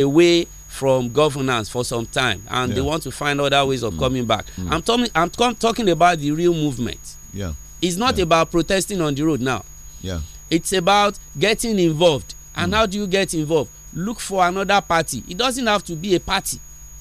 away from governance for some time and yeah. they want to find other ways of mm. coming back. Mm. I'm, talking, I'm talking about the real movement. Yeah. It's not yeah. about protesting on the road now. Yeah. It's about getting involved. And mm. how do you get involved? Look for another party. It doesn't have to be a party.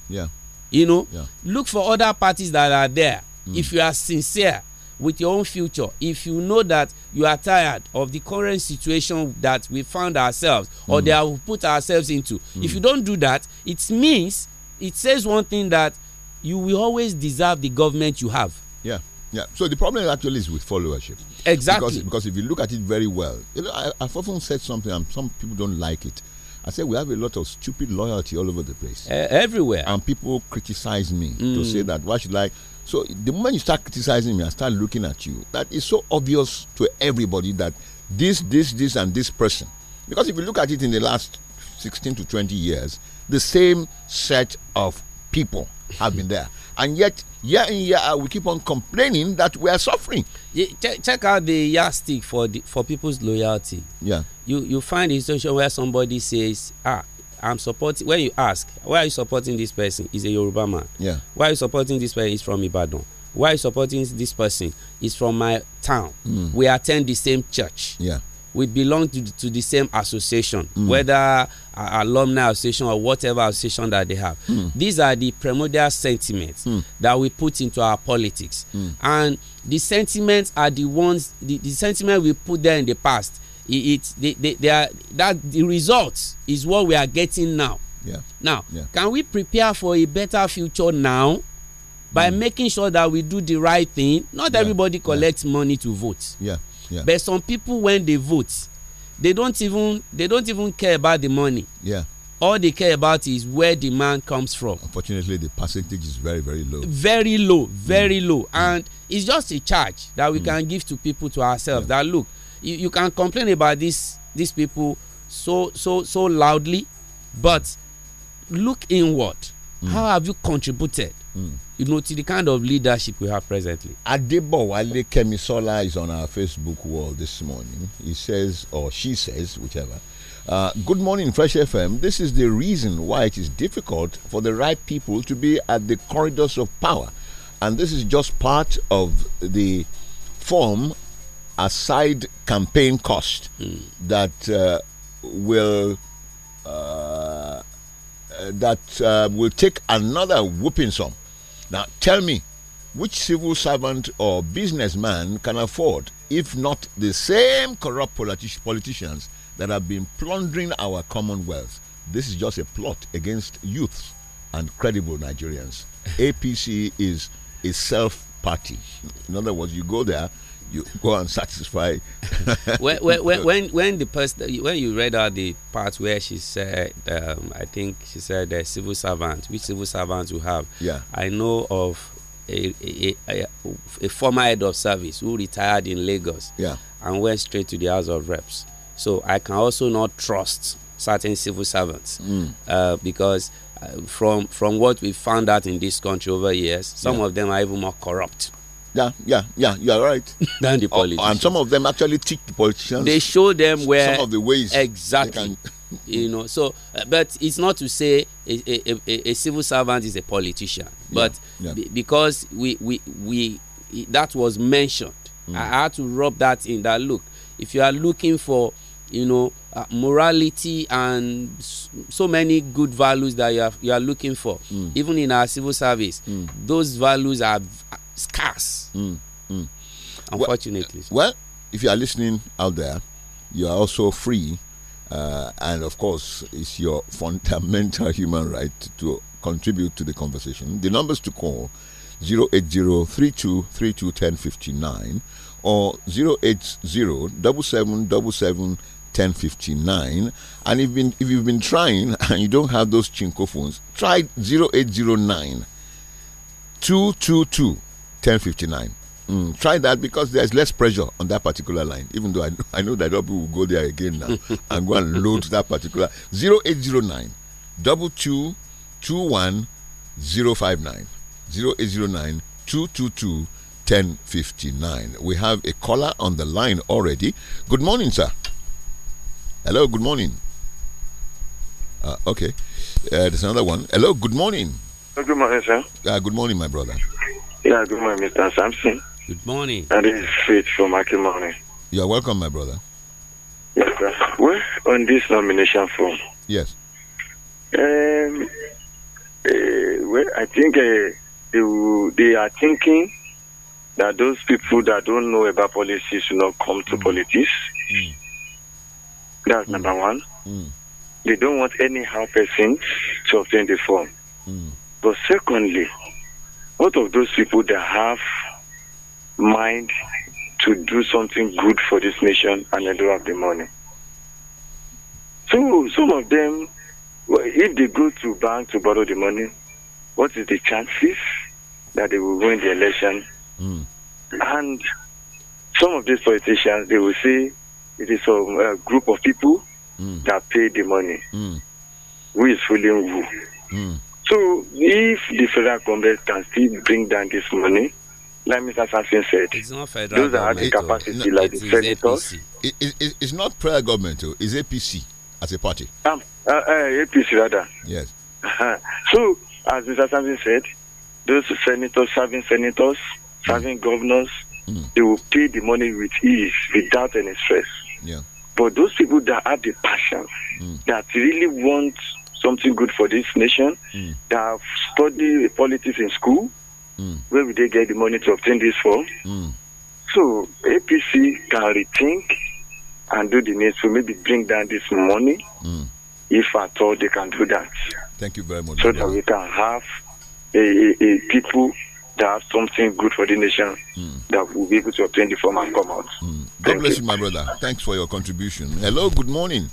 Yeah. You know, yeah. look for other parties that are there. Mm. If you are sincere with your own future if you know that you are tired of the current situation that we found ourselves or mm. that we put ourselves into mm. if hmm. you don't do that it means it says one thing that you will always deserve the government you have yeah yeah so the problem actually is with followership exactly because, because if you look at it very well you know, I, i've often said something and some people don't like it I said we have a lot of stupid loyalty all over the place. Uh, everywhere. And people criticize me mm. to hmm. say that why should I So the moment you start criticizing me, I start looking at you. That is so obvious to everybody that this, this, this, and this person. Because if you look at it in the last 16 to 20 years, the same set of people have been there. And yet, year in year we keep on complaining that we are suffering. Yeah, check, check, out the yardstick for the, for people's loyalty. Yeah. You you find a situation where somebody says, ah, I'm supporting. When you ask, why are you supporting this person? Is a Yoruba man. Yeah. Why are you supporting this person? Is from Ibadan. Why are you supporting this person? Is from my town. Mm. We attend the same church. Yeah. We belong to, to the same association, mm. whether uh, alumni association or whatever association that they have. Mm. These are the primordial sentiments hmm. that we put into our politics. Hmm. And the sentiments are the ones, the, the sentiment we put there in the past it, it they, they, they are that the results is what we are getting now yeah. now yeah. can we prepare for a better future now by mm. making sure that we do the right thing not yeah. everybody collects money to vote yeah. Yeah. but some people when they vote they don't even they don't even care about the money yeah all they care about is where the man comes from. Unfortunately, the percentage is very, very low. Very low, very mm. low. Mm. And mm. it's just a charge that we mm. can give to people, to ourselves, yeah. that look, you, you can complain about these these people so so so loudly but look inward mm. how have you contributed mm. you know to the kind of leadership we have presently adebowale kemisola is on our facebook wall this morning he says or she says whichever uh, good morning, Fresh FM. This is the reason why it is difficult for the right people to be at the corridors of power. And this is just part of the form aside campaign cost mm. that uh, will uh, that uh, will take another whooping sum. Now, tell me, which civil servant or businessman can afford, if not the same corrupt politi politicians that have been plundering our commonwealth? This is just a plot against youths and credible Nigerians. APC is a self party. In other words, you go there you go and satisfy. when, when, when, when the person when you read out the part where she said, um, I think she said the uh, civil servants, which civil servants you have. Yeah. I know of a, a, a, a, former head of service who retired in Lagos. Yeah. And went straight to the House of Reps. So I can also not trust certain civil servants mm. uh, because. Uh, from from what we found out in this country over years, some yeah. of them are even more corrupt yeah, yeah, yeah. You are right. Than the oh, politicians. and some of them actually teach the politicians. They show them where some of the ways exactly. you know, so uh, but it's not to say a, a, a, a civil servant is a politician, but yeah, yeah. because we we we that was mentioned, mm. I had to rub that in. That look, if you are looking for, you know, uh, morality and so many good values that you are you are looking for, mm. even in our civil service, mm. those values are scarce. Mm, mm. Unfortunately. Well, well, if you are listening out there, you are also free, uh, and of course, it's your fundamental human right to contribute to the conversation. The numbers to call zero eight zero three two three two ten fifty nine, or 08077771059 and if, been, if you've been trying and you don't have those chinko phones try 0809 222 1059. Mm, try that because there's less pressure on that particular line, even though I, I know that people will go there again now and go and load that particular 0809 222 1059. We have a caller on the line already. Good morning, sir. Hello, good morning. Uh, okay. Uh, there's another one. Hello, good morning. Uh, good morning, sir. Uh, good morning, my brother. Yeah, good morning, Mr. Sampson. Good morning. And this is Faith from Akimani. You are welcome, my brother. Yes, sir. are on this nomination form. Yes. Um, uh, well, I think uh, they, they are thinking that those people that don't know about politics should not come to mm. politics. Mm. That's mm. number one. Mm. They don't want any half person to obtain the form. Mm. But secondly, what of those people that have mind to do something good for this nation and they don't have the money? So some of them, if they go to bank to borrow the money, what is the chances that they will win the election? Mm. And some of these politicians, they will say it is some uh, group of people mm. that pay the money. Mm. Who is fooling who? Hmm. So if the federal government can still bring down this money, like Mr. Sassin said, those are the capacity, no, like the senators. It, it, it's not prior government, it's APC as a party. Um, uh, uh, APC rather. Yes. Uh-huh. so, as Mr. Sassin said, those senators, serving senators, mm. serving mm. governors, mm. they will pay the money with ease, without any stress. Yeah. But those people that have the passion, mm. that really want something good for this nation. Mm. They have studied politics in school. Mm. Where will they get the money to obtain this for? Mm. So APC can rethink and do the need to maybe bring down this money, hmm. if at all they can do that. Thank you very much. So that we can have a, a, a people that have something good for the nation mm. that will be able to obtain the form and come out. Mm. God Thank bless you. you, my brother. Thanks for your contribution. Hello, good morning.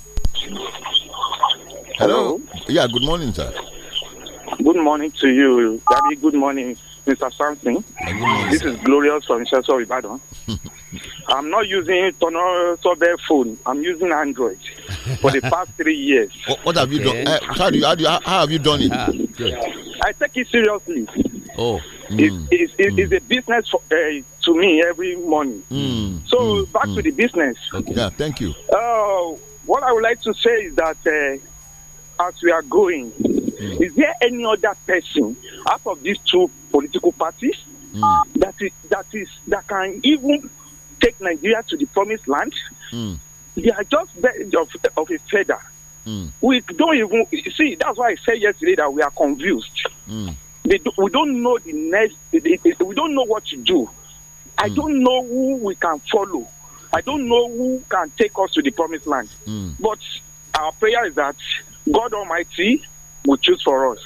Hello. Hello. Yeah, good morning, sir. Good morning to you, Daddy. Good morning, Mr. Something. Morning, this sir. is Glorious from Sorry, pardon. I'm not using Tono Sobe phone. I'm using Android for the past three years. What, what have okay. you done? Uh, how, do you, how, do you, how, have you done it? Ah, I take it seriously. Oh, mm. it, it, mm. it's a business for, uh, to me every morning. Mm. So hmm. back to hmm. the business. Okay. Yeah, thank you. Uh, what I would like to say is that eh, as we are going, mm. is there any other person out of these two political parties mm. that is that is that can even take Nigeria to the promised land? Mm. They are just of, of a feather. Hmm. We don't even see. That's why I said yesterday that we are confused. Hmm. Do, we don't know the next. we don't know what to do. I hmm. don't know who we can follow. I don't know who can take us to the promised land. But our prayer is that God Almighty will choose for us.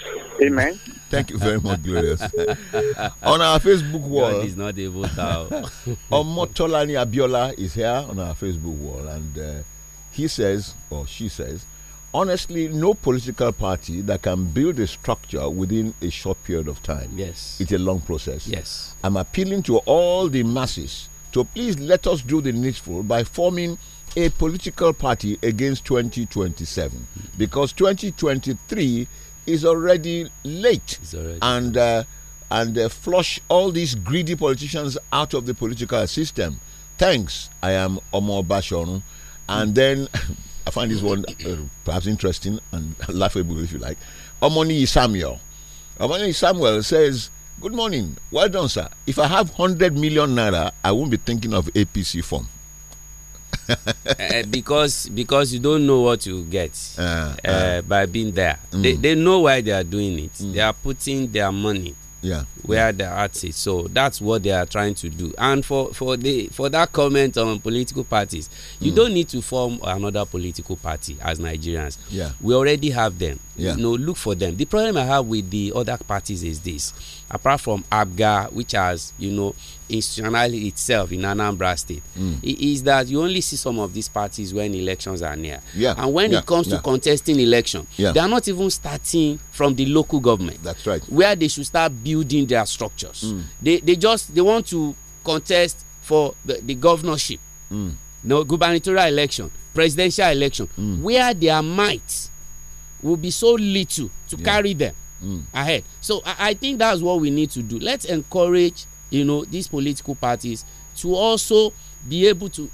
Amen. Thank you very much, Glorious. on our Facebook wall, God is not a voter. Omotolani Abiola is here on our Facebook wall, and uh, he says, or she says, honestly, no political party that can build a structure within a short period of time. Yes, it's a long process. Yes, I'm appealing to all the masses to please let us do the needful by forming a political party against 2027 because 2023 is already late already and uh, and uh, flush all these greedy politicians out of the political system. Thanks, I am Omo Bashon, And then I find this one uh, perhaps interesting and laughable if you like. Omoni Samuel. Omoni Samuel says, Good morning. Well done, sir. If I have 100 million naira, I won't be thinking of APC form. Eh, because because you don't know what you get uh, uh, by being there. Mm. They, they know why they are doing it. Mm. They are putting their money yeah, where yeah. the art is. So that's what they are trying to do. And for for the for that comment on political parties, you mm. don't need to form another political party as Nigerians. Yeah, we already have them. Yeah. you know, look for them. The problem I have with the other parties is this apart from abga which has you know institutionalized itself in anambra state mm. is that you only see some of these parties when elections are near yeah. and when yeah. it comes yeah. to contesting election they are not even starting from the local government that's right where they should start building their structures mm. they they just they want to contest for the, the governorship mm. no gubernatorial election presidential election mm. where their might will be so little to carry them mm. ahead so I, I think that's what we need to do let's encourage you know these political parties to also be able to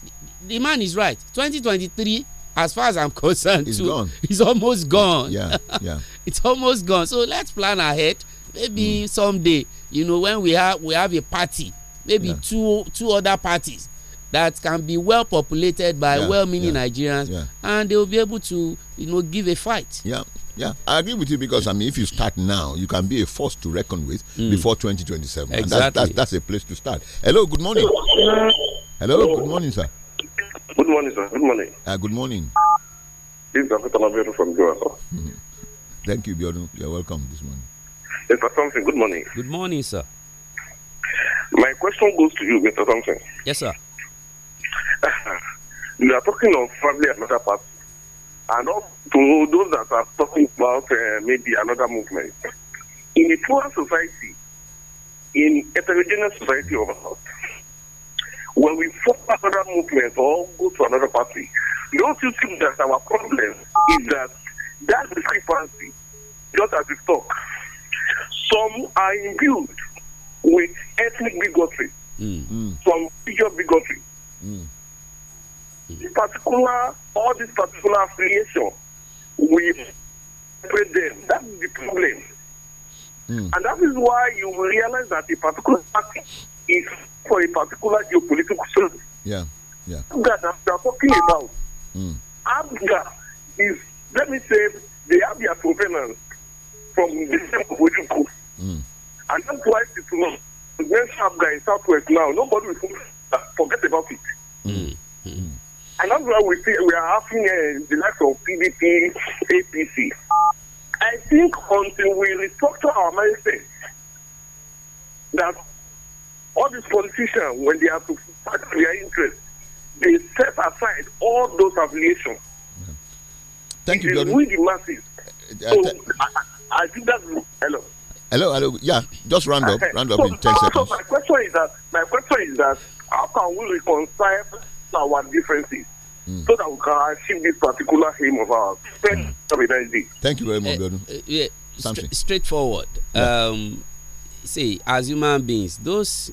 the man is right 2023 as far as i'm concerned it's too, gone. it's almost gone yeah yeah it's almost gone so let's plan ahead maybe mm. someday you know when we have we have a party maybe yeah. two two other parties that can be well populated by yeah, well-meaning yeah, Nigerians, yeah. and they will be able to, you know, give a fight. Yeah, Yeah, I agree with you because I mean, if you start now, you can be a force to reckon with mm. before 2027. Exactly. That's, that's, that's, a place to start. Hello, good morning. Hello, Hello. good morning, sir. Good morning, sir. Good morning. Uh, good morning. This is Abitalabiru from Joa, hmm. Thank you, Biodun. You're welcome this morning. Mr. Thompson, good morning. Good morning, sir. My question goes to you, Mr. Thompson. Yes, sir. we are talking of family and other parties and also to those that are talking about uh, maybe another movement. In a plural society, in heterogeneous society of ours, when we form another movement or go to another party, don't you think that our problem is that that discrepancy, just as we talk, some are imbued with ethnic bigotry, mm, mm. some pure bigotry. Mm this particular, all this particular affiliation, we separate them. That is the problem. Mm. And that is why you realize that a particular party is for a particular geopolitical solution. Yeah, yeah. That we are talking about. Mm. Abga is, let me say, they have their provenance from the same Ojuku. Mm. And that's why it's not. Against Abga in Southwest now, nobody will forget about it. Mm. And that's why we see we are having uh, the likes of PDP, APC. I think until we restructure our mindset that all these politicians, when they have to fight for their interests, they set aside all those affiliations. Thank you, Jordan. We the masses. Uh, so, I, I, think that's hello. Hello, hello. Yeah, just round up, round up so, in ten so seconds. my question is that my question is that how can we reconcile our differences mm. so that we can achieve this particular aim of ours. Mm. Thank you very much, uh, uh yeah, st straightforward. Yeah. Um, see, as human beings, those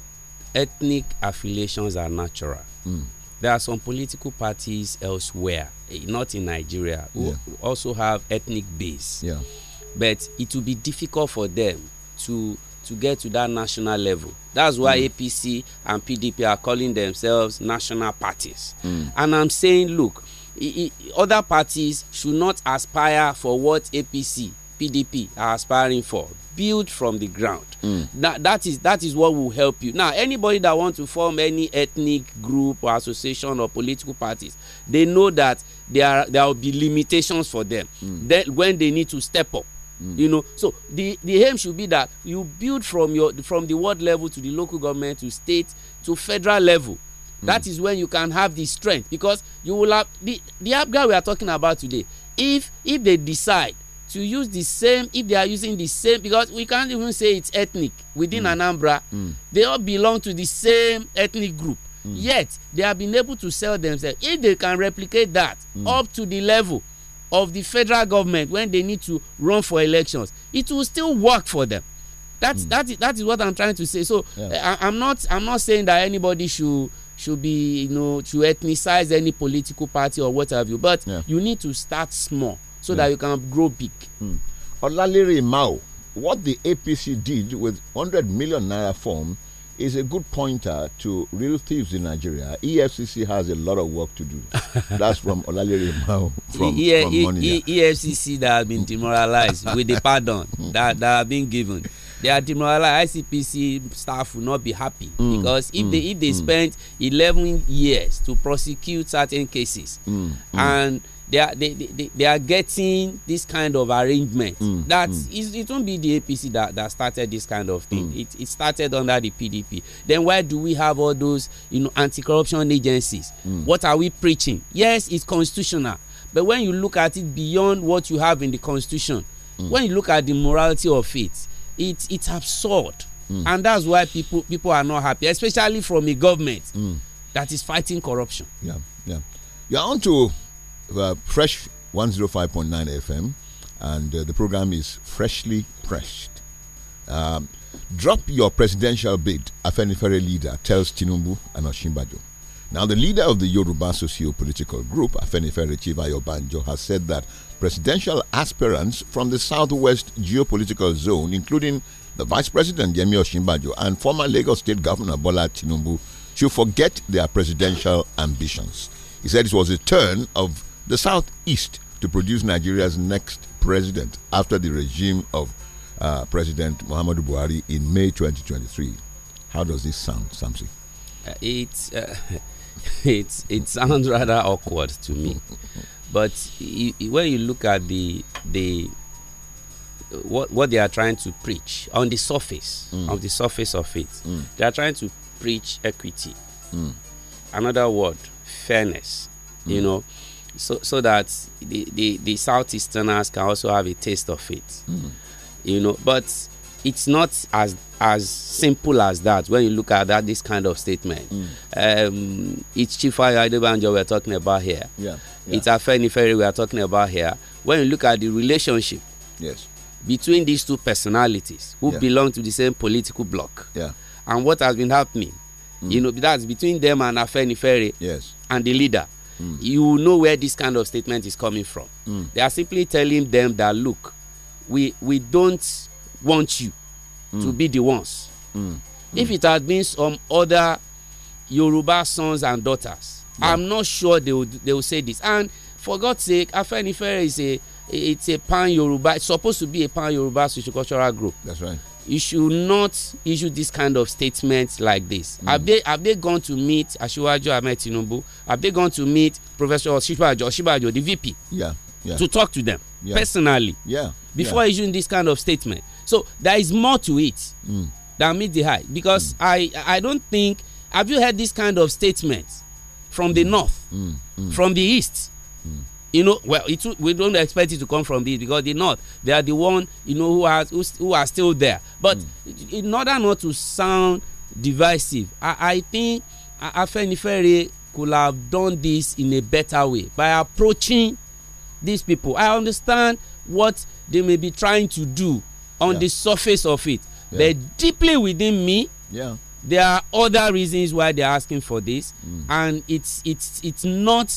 ethnic affiliations are natural. Mm. There are some political parties elsewhere, eh, not in Nigeria, who yeah. also have ethnic base. Yeah. But it will be difficult for them to to get to that national level. That's why mm. APC and PDP are calling themselves national parties. Mm. And I'm saying, look, other parties should not aspire for what APC, PDP are aspiring for. Build from the ground. Mm. That, that, is, that is what will help you. Now, anybody that wants to form any ethnic group or association or political parties, they know that there, are, there will be limitations for them. Mm. That when they need to step up Mm. You know, so the the aim should be that you build from your from the world level to the local government to state to federal level. Mm. That is when you can have the strength because you will have the the Abga we are talking about today. If if they decide to use the same if they are using the same because we can't even say it's ethnic within mm. Anambra. Mm. They all belong to the same ethnic group. Mm. Yet they have been able to sell themselves. If they can replicate that mm. up to the level of the federal government when they need to run for elections it will still work for them That mm. that, is, that is what i'm trying to say so yeah. Eh, I, i'm not i'm not saying that anybody should should be you know to ethnicize any political party or what have you but yeah. you need to start small so yeah. that you can grow big. Mm. Olalere Mao what the APC did with 100 million naira form is a good pointer to real thieves in Nigeria. EFCC has a lot of work to do. That's from Olalere Mao from, e, from e, e, EFCC that have been demoralized with the pardon that, that have been given. they are demoralized ICPC staff will not be happy mm. because if mm. they if they mm. spend eleven years to prosecute certain cases mm. Mm. and they are they, they, they are getting this kind of arrangement mm, that mm. Is, it won't be the apc that that started this kind of thing mm. it it started under the pdp then why do we have all those you know anti-corruption agencies mm. what are we preaching yes it's constitutional but when you look at it beyond what you have in the constitution mm. when you look at the morality of it it it's absurd mm. and that's why people people are not happy especially from a government mm. that is fighting corruption. yeah yeah you are on to uh, fresh one zero oh five point nine fm and uh, the program is freshly pressed. Um, drop your presidential bid, Afenifere leader tells Tinubu and Oshimbajo. Now, the leader of the Yoruba socio-political group, Afenifere Chivayo Banjo, has said that presidential aspirants from the southwest geopolitical zone, including the Vice President Yemi Osinbajo and former Lagos State Governor Bola Tinubu, should forget their presidential ambitions. He said it was a turn of the southeast to produce Nigeria's next president after the regime of uh, President Muhammadu Buhari in May 2023. How does this sound, Samson? Uh, it's. Uh it's it sounds rather awkward to me. But when you look at the the what what they are trying to preach on the surface mm. the surface of it, mm. they are trying to preach equity. Mm. Another word, fairness. Mm. You know, so so that the the the southeasterners can also have a taste of it. Mm. You know, but it's not as as simple as that when you look at that this kind of statement. Mm. Um, it's Chief Adebanjo we're talking about here. Yeah, yeah. It's Afeni Ferry we are talking about here. When you look at the relationship yes. between these two personalities who yeah. belong to the same political bloc yeah. and what has been happening, mm. you know, that's between them and Afeni Ferry yes. and the leader. Mm. You know where this kind of statement is coming from. Mm. They are simply telling them that look, we we don't want you mm. to be the ones. Mm. If it had been some other Yoruba sons and daughters, yeah. I'm not sure they would they would say this. And for God's sake, Afenifere is a it's a pan Yoruba. It's supposed to be a pan Yoruba sociocultural group. That's right. You should not issue this kind of statements like this. Mm. Have they have they gone to meet Asiwaju Ahmed Tinubu? Have they gone to meet Professor Oshibajo Oshibajo, the VP? Yeah. Yeah. to talk to them yeah. personally yeah. before issuing this kind of statement. So there is more to it mm. than meet the eye because mm. I I don't think have you heard this kind of statement from the hmm. north, hmm. Hmm. from the east. You know, well, it, we don't expect it to come from this because the north they are the one you know who has who, who are still there. But in order not to sound divisive, I, I think Afenifere could have done this in a better way by approaching these people. I understand what they may be trying to do on yeah. the surface of it yeah. but deeply within me yeah. there are other reasons why they're asking for this mm. and it's it's it's not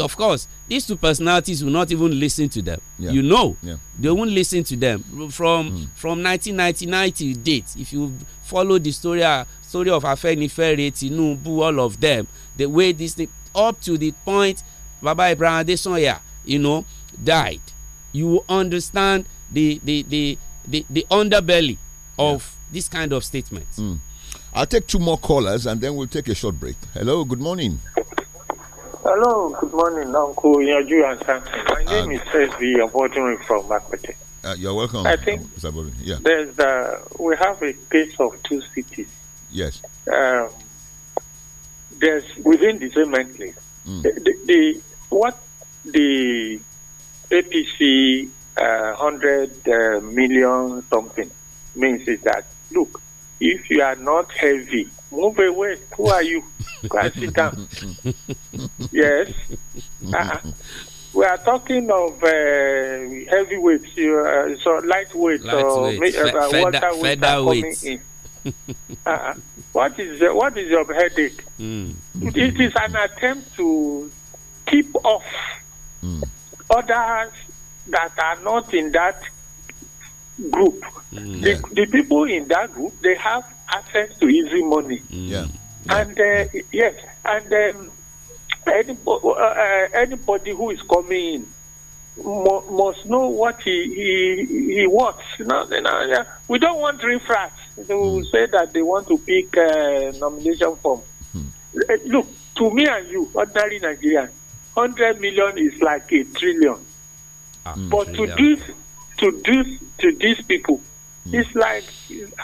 of course these two personalities will not even listen to them yeah. you know yeah. they won't listen to them from mm. from 1999 till date if you follow the story uh, story of afenifere tinubu all of them the way this thing up to the point baba ibrahim adesanya you know died you understand the the the the the underbelly of yeah. this kind of statement. Mm. I'll take two more callers and then we'll take a short break. Hello, good morning. Hello, good morning, Uncle Yaju and My name is SV. I'm from Makwete. Uh, you're welcome. I think um, yeah. there's the, we have a case of two cities. Yes. Um, there's within the same enclave. Mm. The, the, the, what the APC uh, 100 uh, million something means is that, look, if you are not heavy, move away. Who are you? yes. Uh-uh. We are talking of uh, heavyweights, uh, so lightweight or weight. uh, uh, what is what is your headache? Mm. it is an attempt to keep off mm. other that are not in that group. Mm, yeah. the, people in that group, they have access to easy money. Mm. Yeah. yeah. And uh, yes, and um, anybody, uh, anybody who is coming in must know what he he, he wants. yeah. We don't want refrats who mm. say that they want to pick uh, nomination form. Mm. Look, to me and you, ordinary Nigerians, 100 million is like a trillion. Ah, mm. but to these, to this, to these people, mm. it's like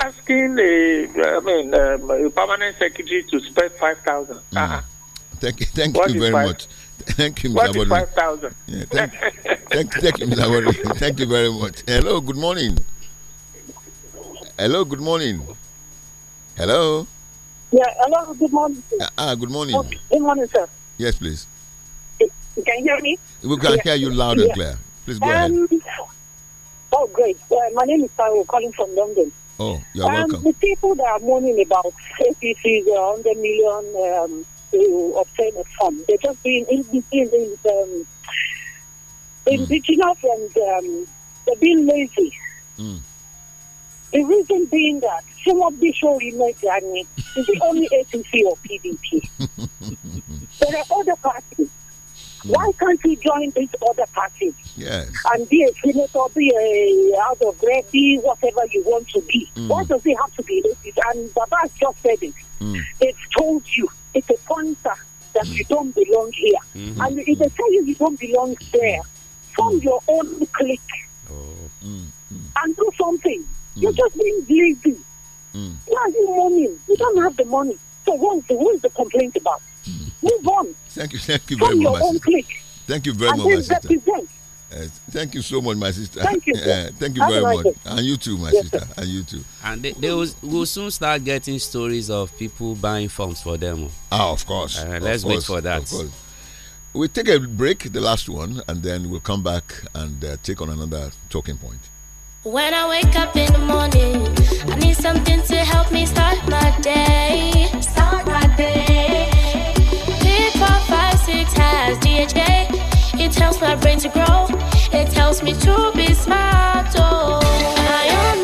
asking a, I mean, um, a permanent secretary to spend five thousand. Mm. Ah. thank you, Thank, you very five? much. Thank you, Mr. five thousand? Yeah, thank, thank, thank you, Mr. Thank you very much. Hello, good morning. Hello, good morning. Hello. Yeah, hello, good morning. Ah, ah, good morning. good morning, sir. Yes, please. Can you hear me? We can yeah. hear you loud and yeah. clear. Please go um, ahead. Oh, great. Uh, my name is Taro, calling from London. Oh, you're um, welcome. The people that are moaning about APC's uh, 100 million um, to obtain a fund, they're just being in, in, in, um, hmm. indigenous mm. and um, they're being lazy. Mm. The reason being that some of the show you know, I is the only APC or PDP. there are other parties Mm. Why can't he join this other party? Yes. And be a senator, be a out of grade, be whatever you want to be. Mm. Why does he have to be elected? And Baba just said it. Mm. They've told you it's a pointer that you mm. don't belong here. Mm-hmm. And if they tell you you don't belong there, form your own clique oh. mm, mm. and do something. mm You're just being lazy. Why are you mourning? You don't have the money. So what is the, what is the complaint about? Move on. Thank you. Thank you very much. Thank you very and much, sister. Uh, thank you so much, my sister. Thank you. Uh, thank you very much. It. And you too, my yes, sister. Sir. And you too. And they, they will, will, soon start getting stories of people buying forms for them. Ah, of course. Uh, of let's course, wait for that. We'll take a break, the last one, and then we'll come back and uh, take on another talking point. When I wake up in the morning, I need something to help me start my day. Start my day music has DHA. It helps my brain to grow. It helps me to be smart. Oh, I am.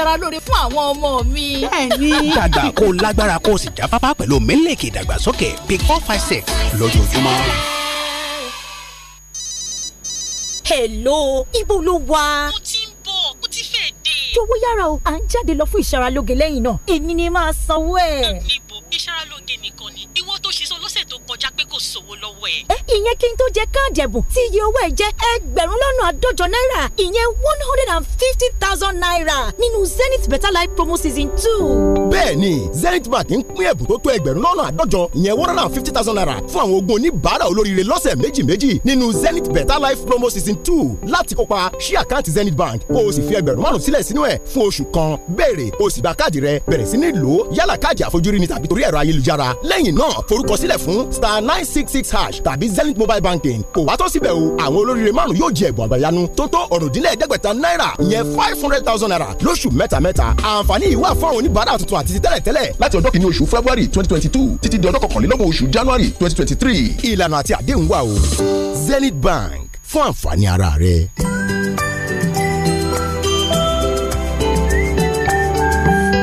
ṣara lóore fún àwọn ọmọ mi. bẹ́ẹ̀ni dàgbà kó lágbára kó sì jáfáfá pẹ̀lú mílíkì ìdàgbàsókè big four lójoojúmọ́ hello ibo ló wà. mo ti ń bọ̀ mo ti fẹ́ dé. jọ̀wọ́ yára o à ń jáde lọ fún ìṣaralóge lẹ́yìn náà èmi ni màá sanwó ẹ̀ kọjá pé kò sówó lọ́wọ́ ẹ̀. ẹ ìyẹn kí n tó jẹ káàdì ẹ̀bùn tí iye owó ẹ̀ jẹ́ ẹgbẹ̀rún lọ́nà àádọ́jọ náírà ìyẹn one hundred and fifty thousand naira nínú zenith better life promo season two. bẹ́ẹ̀ni zenith bank ń pín ẹ̀bùn tó tó ẹgbẹ̀rún lọ́nà àádọ́jọ ìyẹn one hundred and fifty thousand naira fún àwọn ogun oníbàárà olóríire lọ́sẹ̀ méjì méjì nínú zenith better life promo season two láti kópa ṣí àkáǹtì zenith bank kó o sì fi ẹgbẹ̀rún márùn sílẹ̀ sínú ẹ̀ fún oṣù kan béèrè o sì gba káàdì rẹ bẹ̀rẹ̀ sí ní lò yálà káàdì àfojúrí ni tàbí torí ẹ̀rọ ayélujára lẹ́yìn náà forúkọsílẹ̀ fún star star nine six six hash tàbí zenith mobile banking kò wá tó síbẹ̀ o àwọn olóríire márùn yóò jẹ ẹ̀bùn àgbàyanu tó tó ọ̀rọ̀dínlẹ̀ẹ́dẹ́gbẹ̀ta náírà ìyẹn five hundred thousand naira lóṣù mẹ́tamẹ́ta àǹfààní yìí wà fún àwọn oníbàárà tuntun àti ti tẹ́lẹ̀tẹ́lẹ̀ láti ọjọ́ kìíní oṣù february twenty twenty two títí di ọjọ́ kọkànlélọ́gbọ̀n oṣù january twenty twenty three ìlànà àti àdéhùn wà o zenith bank fún àǹfààní ara rẹ.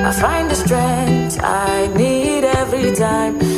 I find the strength I need every time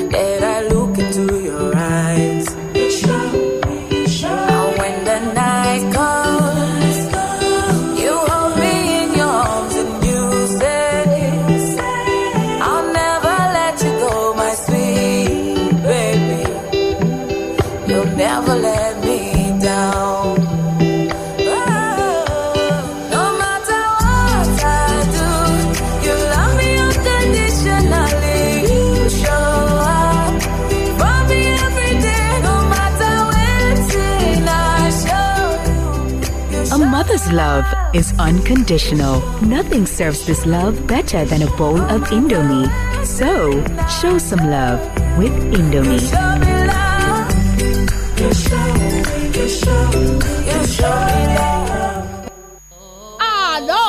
love is unconditional. Nothing serves this love better than a bowl of Indomie. So, show some love with Indomie. Àlọ́.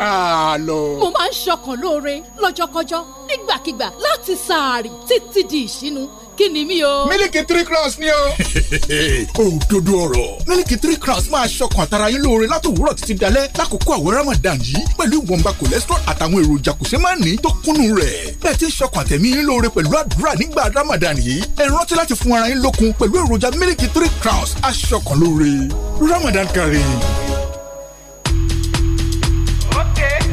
Àlọ́. Mo máa ń ṣọkàn lóore lọ́jọ́kọjọ́ nígbàkigbà láti sàárì títí di ìṣínú mílìkì ni mí o. mílìkì three crowns ni o. òdodo ọ̀rọ̀ mílìkì three crowns máa ṣọkàn àtàrà yín lóore látòwúrọ̀ títí dalẹ́ lákòókò àwọn ramadan yìí pẹ̀lú ìwọ̀nba cholesterol àtàwọn èròjà kò ṣe máa ní tó kúnnú rẹ̀ bẹ́ẹ̀ ti ń ṣọkàn àtẹ̀mí yín lóore pẹ̀lú àdúrà nígbà ramadan yìí ẹ rántí láti fún ara yín lókun pẹ̀lú èròjà mílìkì three crowns aṣọkàn lóore ramadan kari.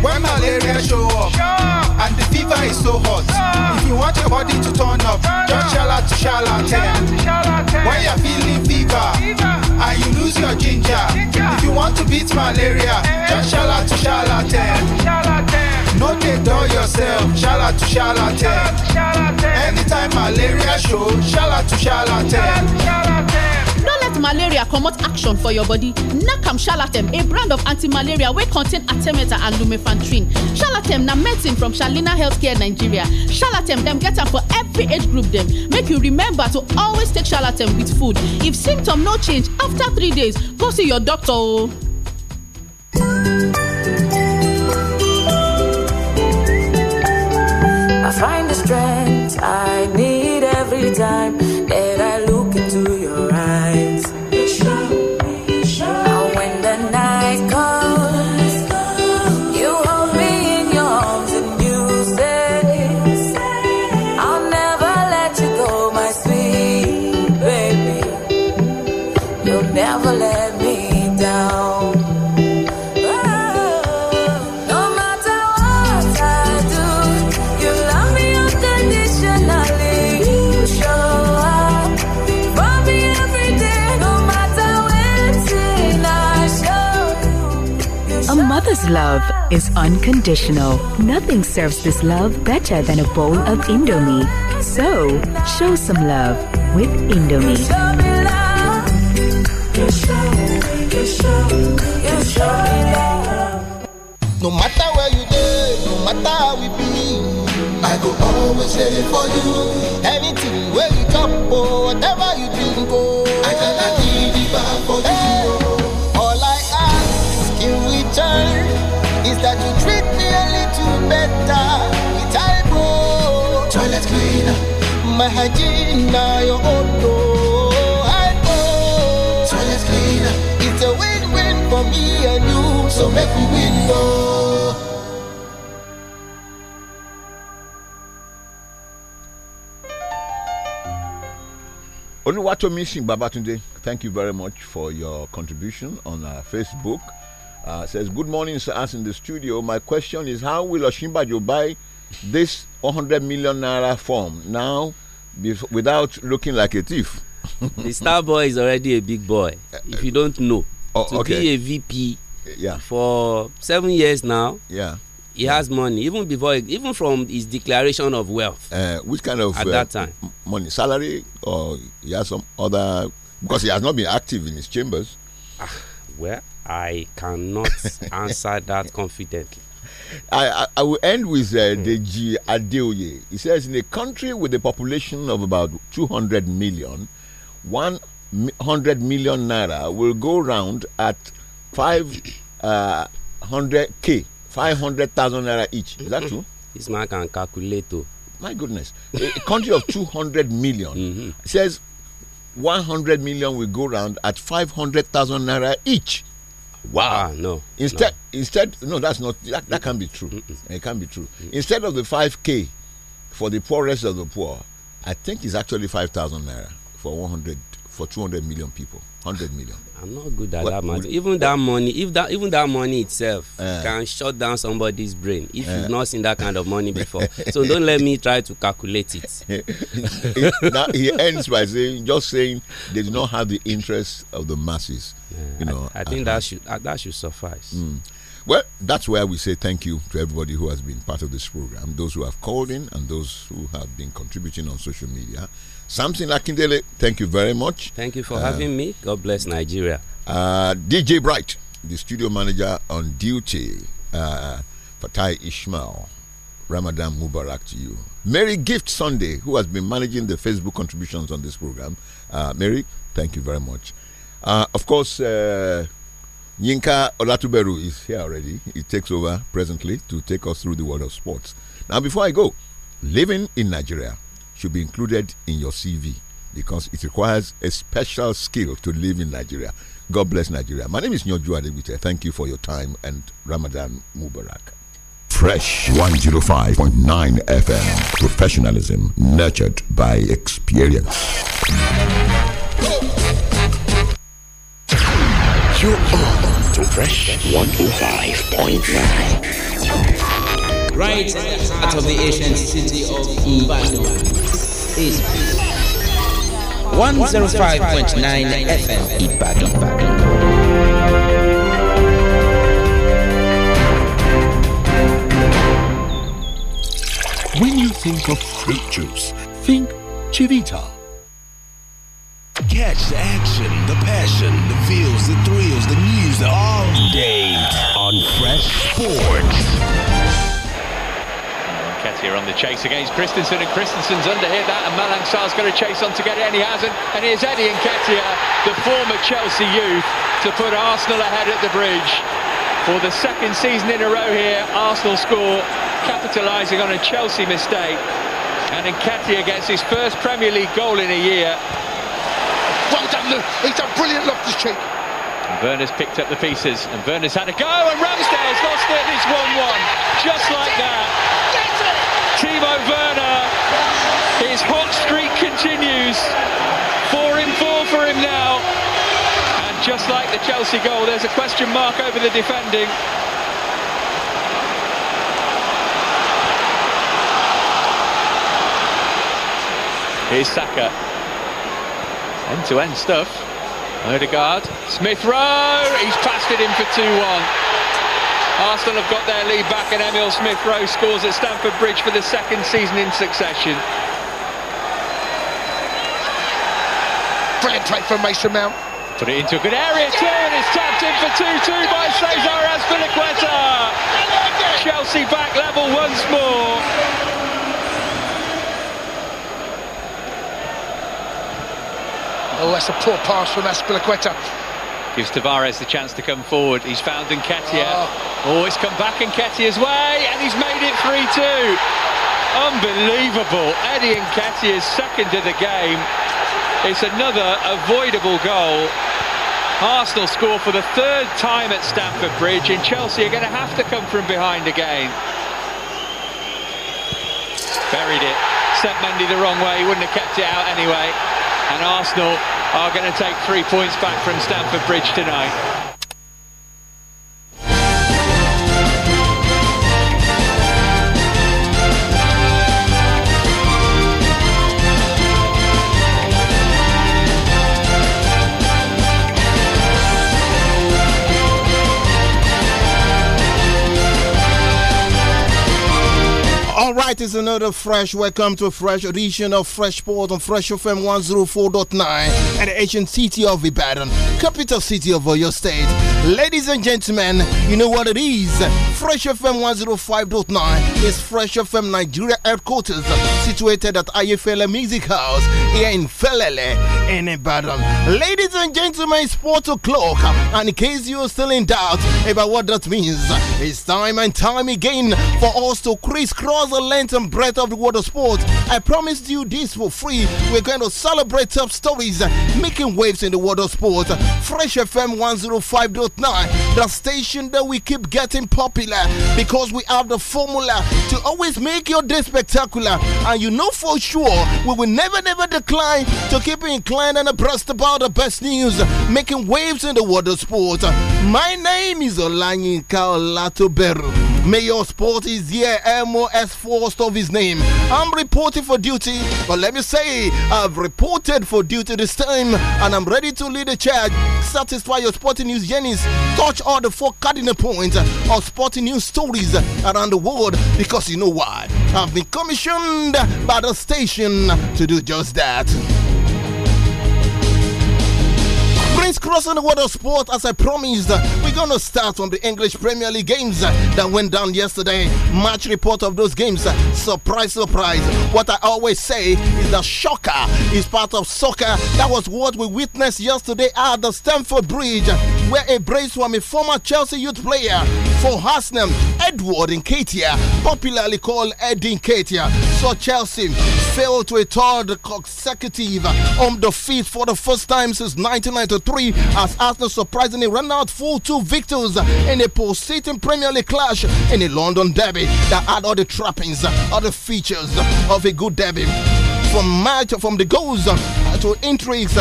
when malaria show up, and the fever is so hot. If you want your body to turn up, just shala to charlatan. When you're feeling fever, and you lose your ginger, if you want to beat malaria, eh? just shala to charlatan. No get dull yourself, shala to charlatan. Anytime malaria show, shala to charlatan malaria comot action for your body nakam shalatem a brand of anti-malaria wey contain artemata and lumefantrine shalatem na medicine from Charlina healthcare nigeria shalatem dem get am for every age group dem make you remember to always take shalatem with food if symptom no change after three days go see your doctor o. Oh. I find the strength I need every time love is unconditional. Nothing serves this love better than a bowl of Indomie. So, show some love with Indomie. No matter where you go, no matter how we be, I go always ready for you. Anything where you come, oh, whatever. agenda your own door and oh win-win for you are missing, we win Babatunde, thank you very much for your contribution on our uh, Facebook. Uh, says, Good morning, sir, as in the studio. My question is, how will Oshimba buy this 100 million naira form now without looking like a thief. the star boy is already a big boy uh, if you don't know. Oh, to okay. be a vp uh, yeah. for seven years now. Yeah. He yeah. has money even before even from his declaration of wealth. Uh, which kind of at uh, that time money salary or he has some other because he has not been active in his chambers. Ah, well, I cannot answer that confidently. I, I, will end with uh, mm. Deji Adeoye. He says, in a country with a population of about 200 million, 100 million naira will go round at 500k, uh, 500,000 naira each. Is that mm-hmm. true? This man can calculate. Too. Oh. My goodness. a, a country of 200 million mm -hmm. says 100 million will go round at 500,000 naira each. Wow. Ah, no. Instead, no. instead, no, that's not that, that can be true. Mm -mm. It can't be true. Mm instead of the five k for the poorest of the poor, I think it's actually five thousand naira for one hundred for 200 million people 100 million i'm not good at that much even that money if that even that money itself uh, can shut down somebody's brain if uh, you've not seen that kind of money before so don't let me try to calculate it he ends by saying just saying they do not have the interest of the masses yeah, you know i, I think that should uh, that should suffice mm. Well, that's where we say thank you to everybody who has been part of this program, those who have called in and those who have been contributing on social media. Samson Akindele, thank you very much. Thank you for uh, having me. Uh, God bless Nigeria. Uh, DJ Bright, the studio manager on duty. Uh, Fatai Ishmael, Ramadan Mubarak to you. Mary Gift Sunday, who has been managing the Facebook contributions on this program. Uh, Mary, thank you very much. Uh, of course, uh, Yinka Olatuberu is here already. He takes over presently to take us through the world of sports. Now, before I go, living in Nigeria should be included in your CV because it requires a special skill to live in Nigeria. God bless Nigeria. My name is Nyoju Adebite. Thank you for your time and Ramadan Mubarak. Fresh 105.9 FM. Professionalism nurtured by experience. You are on to Fresh 105.9 right out of the ancient city of Ibadan. Is 105.9 FM Ibadan. When you think of fruit juice, think Chivita. Catch the action, the passion, the feels, the thrills, the news all day on Fresh Sports. Nketiah on the chase against Christensen, and Christensen's under here that, and Malang Sar's going to chase on to get it, and he hasn't. And here's Eddie Nketiah, the former Chelsea youth, to put Arsenal ahead at the bridge. For the second season in a row here, Arsenal score, capitalising on a Chelsea mistake. And Nketiah gets his first Premier League goal in a year. Well done, Luke. He's done brilliant Loftus Cheek. And Werner's picked up the pieces, and Werner's had a go, and Ramsdale's lost it. It's 1 1, just like that. Timo Werner. His hot streak continues. Four in four for him now. And just like the Chelsea goal, there's a question mark over the defending. Here's Saka. End-to-end stuff. Odegaard, Smith Rowe, he's passed it in for 2-1. Arsenal have got their lead back and Emil Smith Rowe scores at Stamford Bridge for the second season in succession. Brilliant play from Mason Mount. Put it into a good area too and it's tapped in for 2-2 by Cesar Azpilicueta. Chelsea back level once more. Oh, that's a poor pass from Azpilicueta. Gives Tavares the chance to come forward. He's found Nketiah. Ah. Oh. oh, it's come back Nketiah's way, and he's made it 3-2. Unbelievable. Eddie Nketiah's second of the game. It's another avoidable goal. Arsenal score for the third time at Stamford Bridge, and Chelsea are going to have to come from behind again. Buried it. Sent Mendy the wrong way. He wouldn't have kept it out anyway. And Arsenal are going to take three points back from Stamford Bridge tonight. right, it's another fresh welcome to a fresh edition of Fresh Port on Fresh FM 104.9 at the ancient city of Ibadan, capital city of Oyo State. Ladies and gentlemen, you know what it is. Fresh FM 105.9 is Fresh FM Nigeria headquarters situated at IFL Music House here in Felele in Ibadan. Ladies and gentlemen, it's 4 o'clock, and in case you're still in doubt about what that means, it's time and time again for us to crisscross the length and breadth of the world of sports. I promised you this for free. We're going to celebrate top stories uh, making waves in the world of sports. Fresh FM 105.9, the station that we keep getting popular because we have the formula to always make your day spectacular. And you know for sure we will never, never decline to keep you inclined and abreast about the best news making waves in the world of sports. My name is Olanyinka Olatoberu. Mayor Sport is here. MOS forced off his name. I'm reporting for duty, but let me say, I've reported for duty this time and I'm ready to lead the charge. Satisfy your sporting news yearnings. Touch all the four cardinal points of sporting news stories around the world because you know what? I've been commissioned by the station to do just that. Prince crossing the world of sport, as I promised, we're going to start on the English Premier League games that went down yesterday. Match report of those games. Surprise, surprise. What I always say is that shocker is part of soccer. That was what we witnessed yesterday at the Stamford Bridge, where a brace from a former Chelsea youth player for Hasnam, Edward Nketia, popularly called Eddie Nketia, saw Chelsea fail to a third consecutive on defeat for the first time since 1992. 3 as Arsenal surprisingly ran out 4 2 victors in a post Premier League clash in a London derby that had all the trappings, all the features of a good derby. From match, from the goals to intrigues,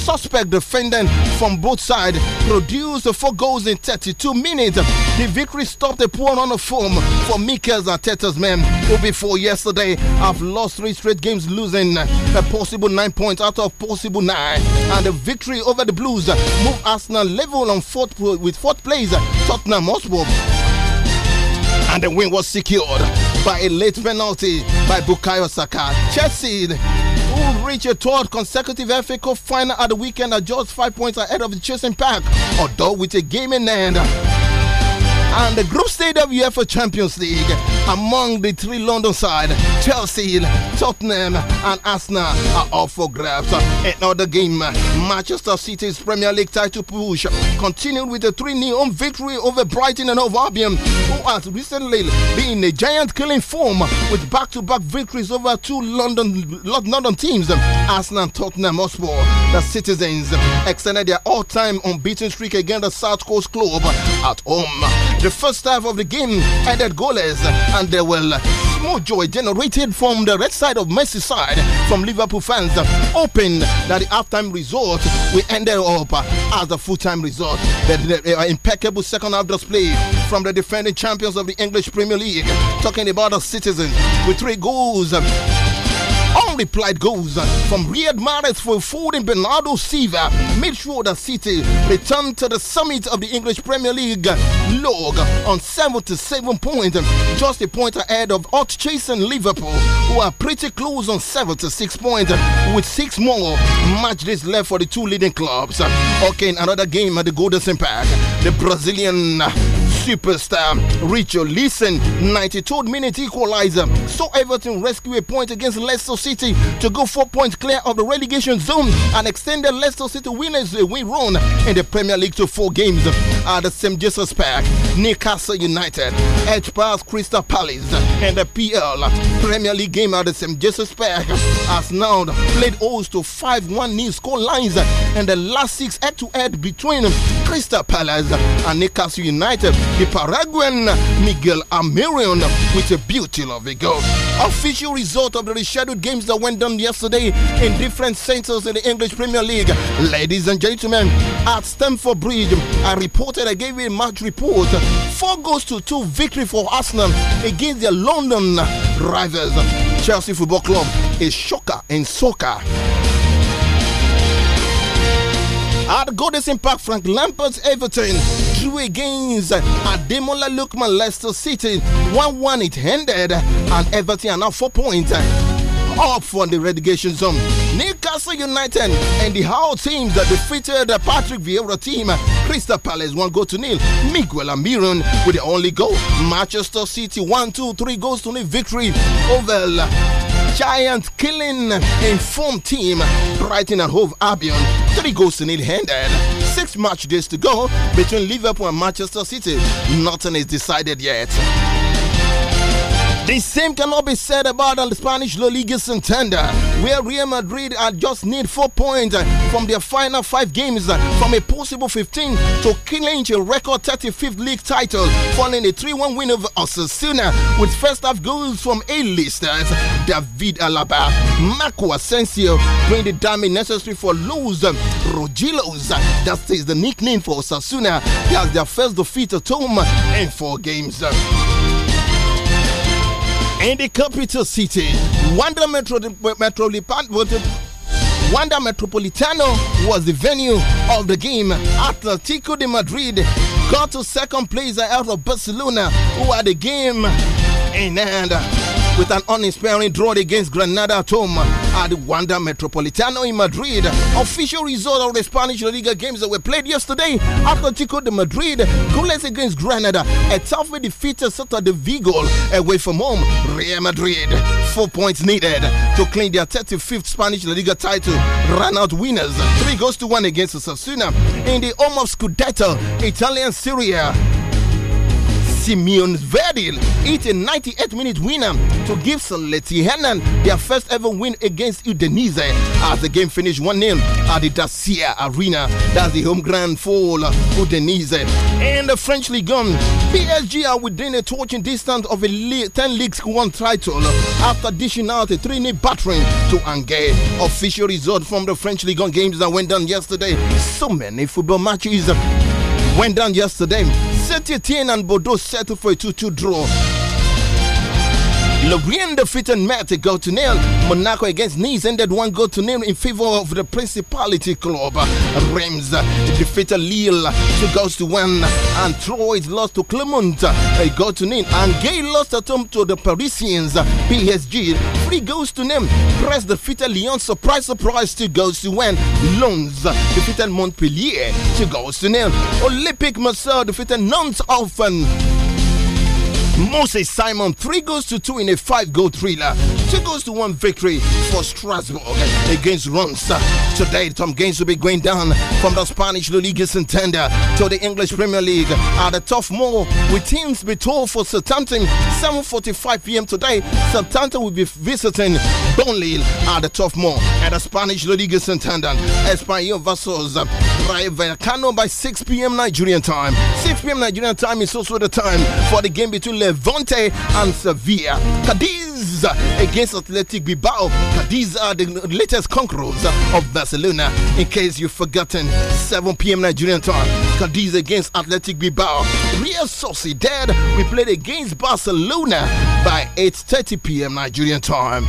suspect defendant from both sides produced four goals in 32 minutes. The victory stopped a poor run of form for Mikel Arteta's men, who before yesterday have lost three straight games, losing a possible nine points out of possible nine. And the victory over the Blues moved Arsenal level on fourth with fourth place, Tottenham Hotspur. And the win was secured by a late penalty by Bukayo Saka. Chelsea Liverpool reach a third consecutive FA Cup final at the weekend at just five points ahead of the Chasing Pack, although with a game in hand. And the group stage of UEFA Champions League among the three London side, Chelsea, Tottenham, and Arsenal are up for grabs. Another game, Manchester City's Premier League title push continued with a 3 0 victory over Brighton and over Albion, who has recently been in a giant killing form with back to back victories over two London, London teams, Arsenal and Tottenham Hotspur. The citizens extended their all time unbeaten streak against the South Coast Club at home. The first half of the game ended goalless and there will more joy generated from the red side of Merseyside from Liverpool fans, hoping that the halftime result will end up as a full-time result. The, the uh, impeccable second half display from the defending champions of the English Premier League, talking about the citizens with three goals Unreplied goals uh, from Riyad Mahrez for food and Bernardo Silva made sure that City returned to the summit of the English Premier League log on 77 points, um, just a point ahead of hot chasing Liverpool, who are pretty close on 76 points um, with six more matches left for the two leading clubs. Um, okay, another game at the Golden Park, the Brazilian superstar. Richard Leeson, 92 minute equalizer. saw Everton rescue a point against Leicester City to go four points clear of the relegation zone and extend the Leicester City winners a win run in the Premier League to four games at the St. Jesus Park. Newcastle United edge past Crystal Palace and the PL Premier League game at the St. Jesus Park has now played host to 5 1 new score lines and the last six head to head between Crystal Palace and Newcastle United the Paraguayan Miguel Amirion with a beauty of a goal. Official result of the rescheduled games that went down yesterday in different centres in the English Premier League. Ladies and gentlemen, at Stamford Bridge, I reported, I gave you a match report. Four goals to two victory for Arsenal against their London rivals. Chelsea Football Club is shocker in soccer. At Goodison Park, Frank Lampard's Everton drew against Ademola Lukman Leicester City. 1 1 it ended, and Everton are now 4 points up from the relegation zone. Newcastle United and the whole team that defeated the Patrick Vieira team, Crystal Palace 1 goal to nil. Miguel Amiron with the only goal. Manchester City 1 2 3 goals to nil victory over Giant killing informed team Brighton and Hove Albion. Three goals to nil handed. Six match days to go between Liverpool and Manchester City. Nothing is decided yet. The same cannot be said about the Spanish La Liga Santander, where Real Madrid just need four points from their final five games from a possible 15 to clinch a record 35th league title, following a 3 1 win over Osasuna with first half goals from A listers David Alaba, Marco Asensio, bring the damage necessary for Luz Rogilos. That is the nickname for Osasuna. He has their first defeat at home in four games. In the capital city, Wanda Metro, Metropolitan, Wanda Metropolitano was the venue of the game. Atletico de Madrid got to second place out of Barcelona, who had the game in hand with an uninspiring draw against Granada at home at the Wanda Metropolitano in Madrid. Official result of the Spanish La Liga games that were played yesterday. Atletico de Madrid, goalless against Granada. A tough defeat at the Vigo away from home. Real Madrid, four points needed to claim their 35th Spanish La Liga title. Ran out winners, three goals to one against Osasuna in the home of Scudetto, Italian Serie Simeon Verdil hit a 98 minute winner to give Hennan their first ever win against Udinese as the game finished 1 0 at the Dacia Arena. That's the home ground for Udinese. In the French League, on PSG are within a touching distance of a league, 10 leagues one title after dishing out a 3 0 battering to Angers. Official result from the French League on games that went down yesterday. So many football matches. went down yesterday. Saint Etienne and Bordeaux settled for a 2 2 draw. Lorient defeated Met go to nil. Monaco against Nice ended one goal to nil in favor of the Principality Club. Reims defeated Lille two goals to one. And Troyes lost to Clermont a goal to nil. And Gay lost at home to the Parisians. PSG three goals to nil. Press defeated Lyon. Surprise, surprise, two goals to one. Lons defeated Montpellier two goals to nil. Olympic Marseille defeated Nantes often. Moses Simon, three goals to two in a five goal thriller. Two goals to one victory for Strasbourg against Reims. Today, Tom Gaines will be going down from the Spanish La Liga Santander to the English Premier League at the Tough Moor with teams be told for Southampton 7.45 p.m. today. Southampton will be visiting Burnley at the Tough Moor at the Spanish La Liga Santander. Espanyol versus Rayo Vallecano by 6 p.m. Nigerian time. 6 p.m. Nigerian time is also the time for the game between Levante and Sevilla. Cadiz against Athletic Bilbao. Cadiz are the latest conquerors of Barcelona. In case you've forgotten, 7 p.m. Nigerian time. Cadiz against Athletic Bilbao. Real Sociedad we played against Barcelona by 8:30 p.m. Nigerian time.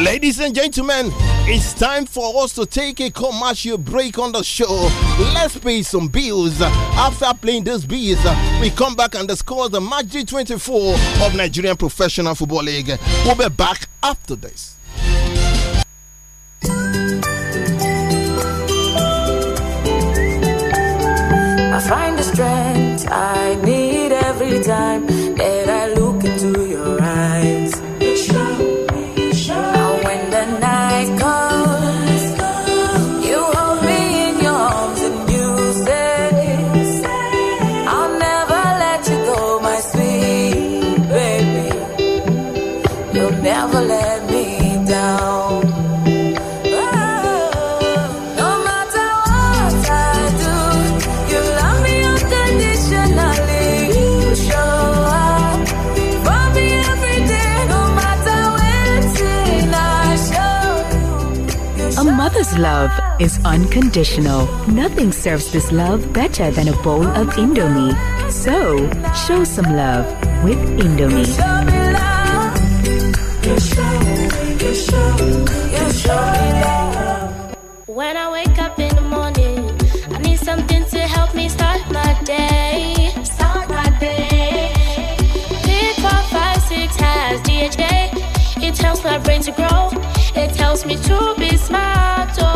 Ladies and gentlemen, it's time for us to take a commercial break on the show. Let's pay some bills. After playing this bills, we come back and score the match G24 of Nigerian Professional Football League. We'll be back after this. I find the strength I need. love is unconditional. Nothing serves this love better than a bowl of Indomie. So, show some love with Indomie. When I wake up in the morning, I need something to help me start my day. Start my day. Pick four, five, six has DHA. It helps my brain to grow me to be smart. Oh.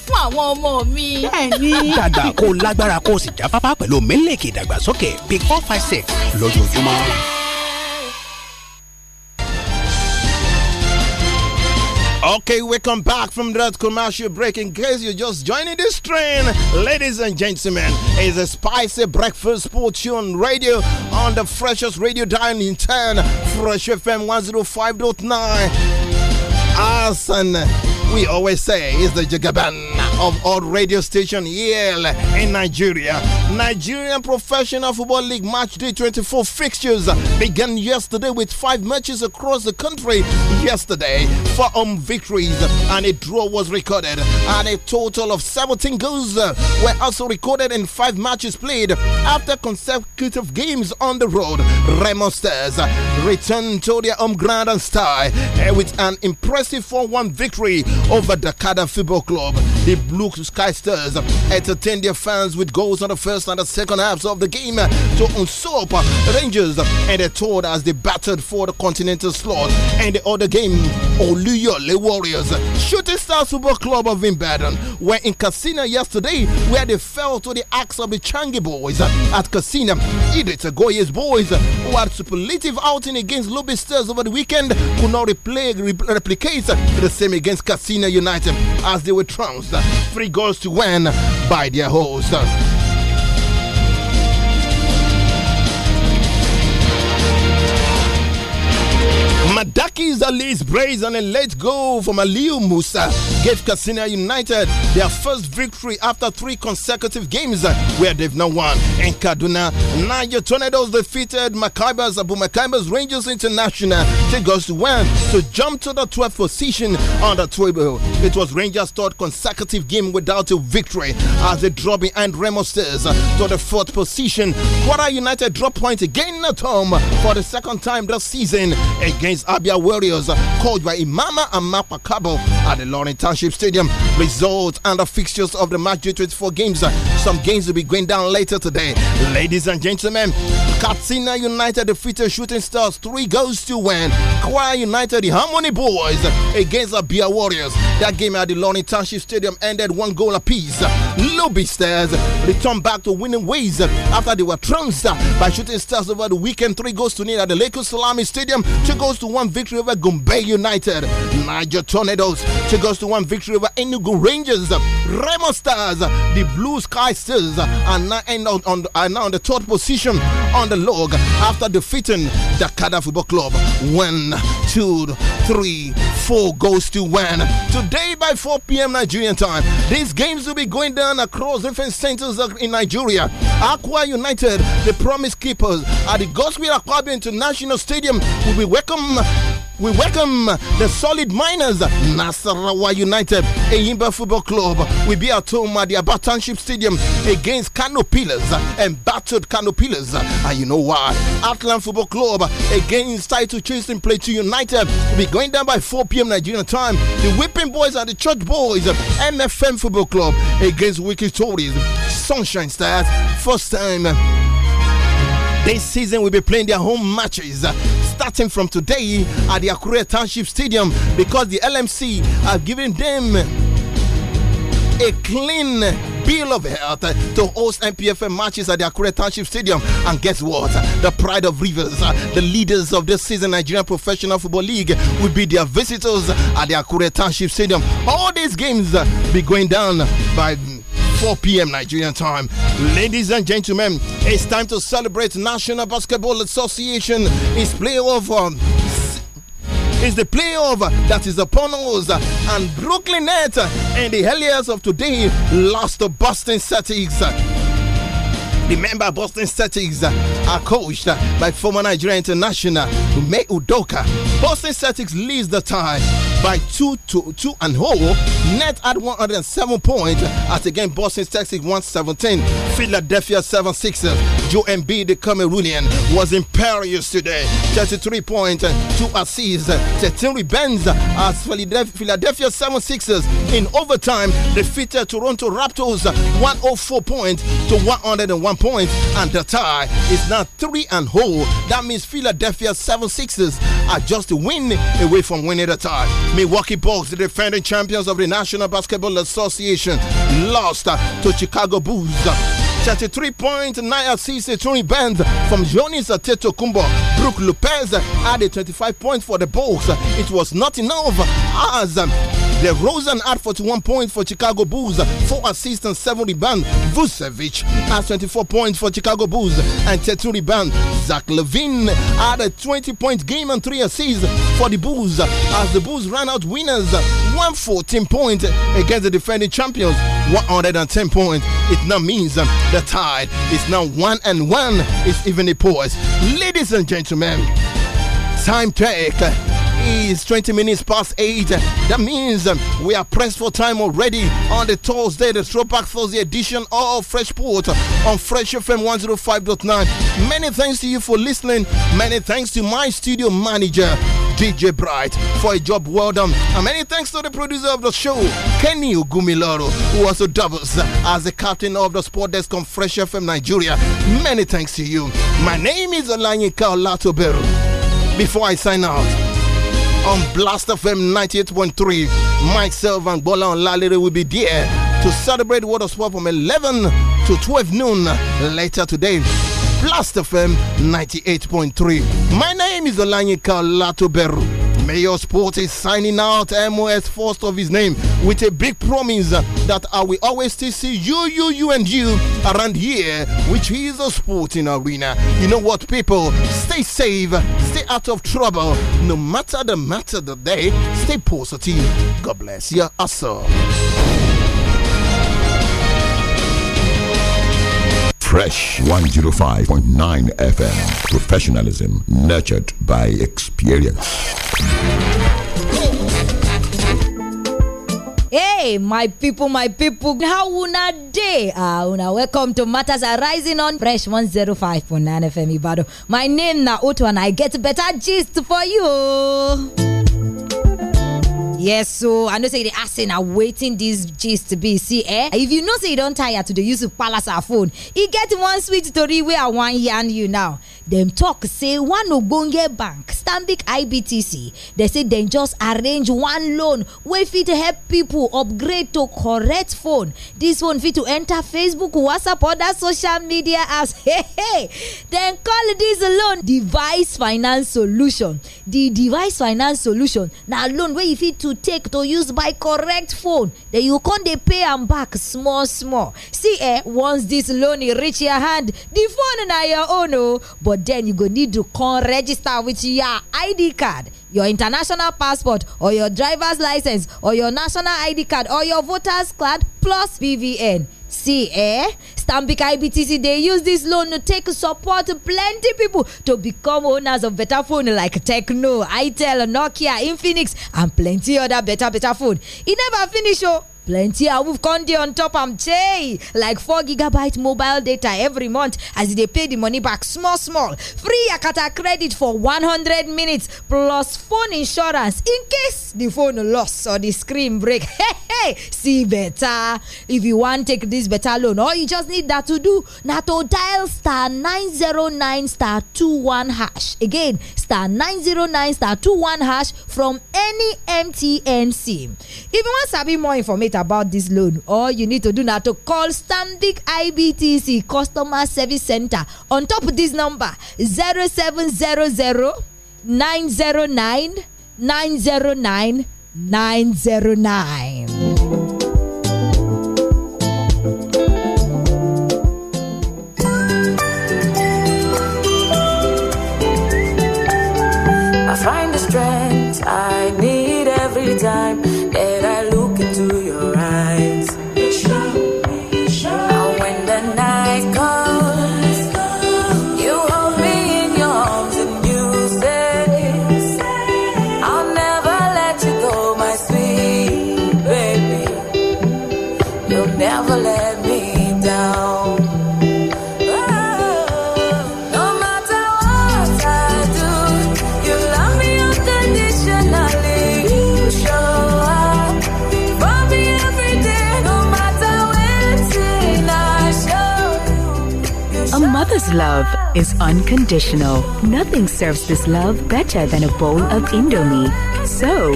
fún àwọn ọmọ mi. bẹ́ẹ̀ni. kó lágbára kó sì jáfáfá pẹ̀lú mílíkì ìdàgbàsókè big four five six lójoojúmọ́. Okay, welcome back from that commercial break. In case you're just joining this train, ladies and gentlemen, it's a spicy breakfast sports on radio on the freshest radio dial in town, Fresh FM 105.9. Awesome we always say is the Jagaban of all radio station here in Nigeria. Nigerian Professional Football League Match Day 24 fixtures began yesterday with five matches across the country. Yesterday, four home victories and a draw was recorded, and a total of 17 goals were also recorded in five matches played after consecutive games on the road. Remo Stars returned to their home ground and style with an impressive 4 1 victory over the Dakar Football Club. The Blue Sky Stars entertained their fans with goals on the first and the second halves of the game to usurp Rangers and they toured as they battled for the continental slot. And the other game, Oluyole Warriors, Shooting Stars Football Club of Ibadan, were in Casino yesterday where they fell to the axe of the Changi boys at Casino. Edith Goye's boys, who had superlative outing against Lobby Stars over the weekend, could not replay, replicate the same against Casino. Senior United as they were trounced three goals to one by their hosts. Madaki Zali's brazen and a late goal from Aliu Musa gave Casino United their first victory after three consecutive games where they've now won. In Kaduna, Niger Tornadoes defeated Maccabi's Abu Maccabi's Rangers International. They go to to jump to the 12th position on the table. It was Rangers' third consecutive game without a victory as they draw behind Remo to the fourth position. Quara United drop points again at home for the second time this season again against Abia Warriors, uh, coached by Imama Mapa Cabo, at the Lawrence Township Stadium. Results and the fixtures of the match due to its four games. Uh, some games will be going down later today. Ladies and gentlemen, Katsina United defeated Shooting Stars three goals to win. Choir United, the Harmony Boys uh, against Abia Warriors. That game at the Lawrence Township Stadium ended one goal apiece. Lobby Stars returned back to winning ways after they were trounced by Shooting Stars over the weekend. Three goals to nil at the Lagos Salami Stadium. Two goals to 1 victory over Gombe United. Niger Tornadoes, 2 us to 1 victory over Enugu Rangers. Remo Stars, the Blue Sky Stars are now, on, on, are now on the third position on the log after defeating Dakada Football Club. One, two, three, four goes to one. Today by 4 p.m. Nigerian time, these games will be going down across different centers in Nigeria. Aqua United, the Promise Keepers, at the Gospel Aquabi International Stadium will be welcome welcome we welcome the solid miners, Nasarawa United, Eyimba Football Club. We be at home at the Abatanship Stadium against Kano Pillars and battered Kano Pillars. And you know why? Atlant Football Club against title chasing Plateau United. We be going down by 4 p.m. Nigerian time. The Whipping Boys and the Church Boys, MFM Football Club against Wicked Tories. Sunshine Stars, first time. This season we'll be playing their home matches starting from today at the Akure Township Stadium because the LMC have given them a clean bill of health to host MPFM matches at the Akure Township Stadium. And guess what? The pride of rivers, the leaders of this season Nigerian Professional Football League, will be their visitors at the Akure Township Stadium. All these games be going down by 4 p.m. Nigerian time. Ladies and gentlemen, it's time to celebrate National Basketball Association. It's playoff. Um, is the playoff that is upon us. And Brooklyn Nets and the Helliers of today lost to Boston Celtics. Remember, Boston Celtics are coached by former Nigerian international Ume Udoka. Boston Celtics leads the tie by two to two and whole. Oh, Net at 107 points as against Boston Celtics 117. Philadelphia 76. Joe Embiid, the Cameroonian, was imperious today. 33 points, 2 assists, 13 rebounds as Philadelphia 76ers in overtime defeated Toronto Raptors 104 points to 101 points. And the tie is now 3 and whole. Oh. That means Philadelphia 76ers are just win away from winning the tie. Milwaukee Bucks, the defending champions of the National Basketball Association, lost uh, to Chicago Bulls. 33.9 assists to rebound from Jonas Tetokumbo. Brooke Lopez added 25 points for the Bulls. It was not enough as um, DeRozan had 41 points for Chicago Bulls, 4 assists and 7 rebounds. Vucevic had 24 points for Chicago Bulls and 32 rebounds. Zach Levine had a 20 point game and 3 assists for the Bulls as the Bulls ran out winners 114 points against the defending champions 110 points. It now means the tide is now 1 and 1 It's even a pause. Ladies and gentlemen, time check is 20 minutes past 8. That means we are pressed for time already on the Thursday, the Throwback Thursday edition of Fresh Port on Fresh FM 105.9. Many thanks to you for listening. Many thanks to my studio manager. DJ Bright for a job well done. And many thanks to the producer of the show, Kenny Ogumiloro, who also doubles as the captain of the sport desk on Fresh FM Nigeria. Many thanks to you. My name is Olanyika Olatoberu. Before I sign out, on Blast FM 98.3. Myself and Bola and Lalere will be there to celebrate World of Sport from 11 to 12 noon later today. Blast FM 98.3. My name is Olanyika Latoberu. Mayor Sport is signing out MOS first of his name with a big promise that I will always still see you, you, you, and you around here, which is a sporting arena. You know what, people? Stay safe, stay out of trouble, no matter the matter the day, stay positive. God bless you, sir. Fresh 105.9 FM. Professionalism nurtured by experience. Hey, my people, my people, how una day? Ah, una welcome to Matters Arising on Fresh 105.9 FM Ibado. My name na Otto and I get better gist for you yes so i know say the dey are waiting na wetin to be see eh if you know say you don't tire to the use of palace our phone he get one sweet story where i wan yarn you now dem talk say one ogbonge bank stanbic ibtc dey say dem just arrange one loan wey fit help pipo upgrade to correct phone dis phone fit to enter facebook whatsapp other social media apps hey, hey. dem call dis loan device finance solution di device finance solution na loan wey you fit to take to use buy correct phone den you con dey pay am back small small see eh once dis loan reach your hand di phone na your own o oh. but Then you go need to come register with your id card your international passport or your driver's license or your national id card or your voters card plus BVN. see eh stanbic ibtc they use this loan to take support plenty people to become owners of better phone like techno itel nokia infinix and plenty other better better phone It never finish oh. plenty awoof con dey on top i am tey like four gigabyte mobile data every month as they pay the money back small small free akata credit for one hundred minutes plus phone insurance in case the phone lost or the screen break hey hey see better if you want take this better loan all you just need that to do na to dial star nine zero nine star two one hash again star nine zero nine star two one hash from any mtn sim if you to be more information about this loan, all you need to do now to call Stanbic IBTC Customer Service Center on top of this number 0700 909 909 909. I find the strength I need every time love is unconditional. Nothing serves this love better than a bowl of Indomie. So,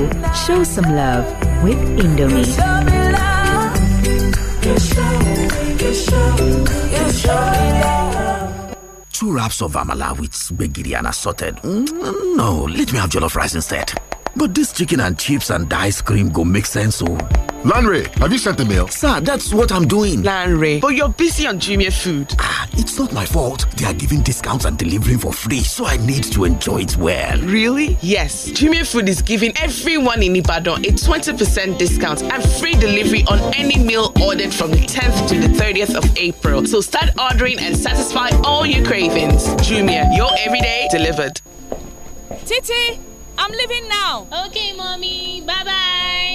show some love with Indomie. Two wraps of amala with spaghetti and assorted. Mm, no, let me have jollof rice instead. But this chicken and chips and ice cream go make sense, oh. So. Lanre, have you sent the mail? Sir, that's what I'm doing. Lanre, but you're busy on Jumia Food. Ah, it's not my fault. They are giving discounts and delivering for free, so I need to enjoy it well. Really? Yes. Jumia Food is giving everyone in Ibadan a 20% discount and free delivery on any meal ordered from the 10th to the 30th of April. So start ordering and satisfy all your cravings. Jumia, your everyday delivered. Titi, I'm leaving now. Okay, mommy. Bye bye.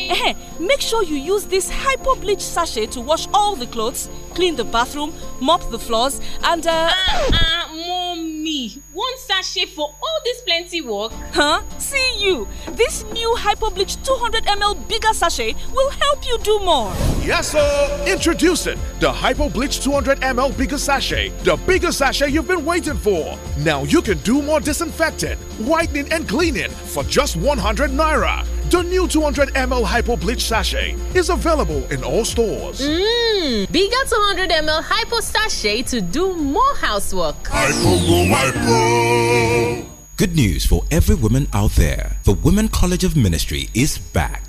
Eh, make sure you use this hypo bleach sachet to wash all the clothes, clean the bathroom, mop the floors, and uh. Ah, ah, mommy, one sachet for all this plenty work. Huh? See you. This new hypo bleach 200 ml bigger sachet will help you do more. Yes, sir. Introducing the hypo bleach 200 ml bigger sachet, the bigger sachet you've been waiting for. Now you can do more disinfecting, whitening, and cleaning for just 100 naira. The new 200 ml Hypo Bleach Sachet is available in all stores. Mmm, bigger 200 ml Hypo Sachet to do more housework. Hypo, go, hypo. Good news for every woman out there. The Women College of Ministry is back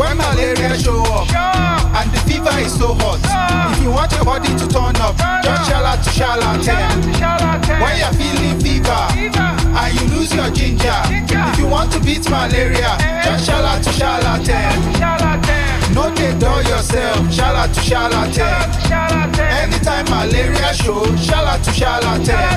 when malaria show up sure. and the fever is so hot sure. if you want your body to turn up turn just shala to ten. when you're feeling fever, fever and you lose your ginger, ginger. if you want to beat malaria hey. Eh? just shala to ten. no get dull yourself shala to ten. anytime malaria show shala to charlatan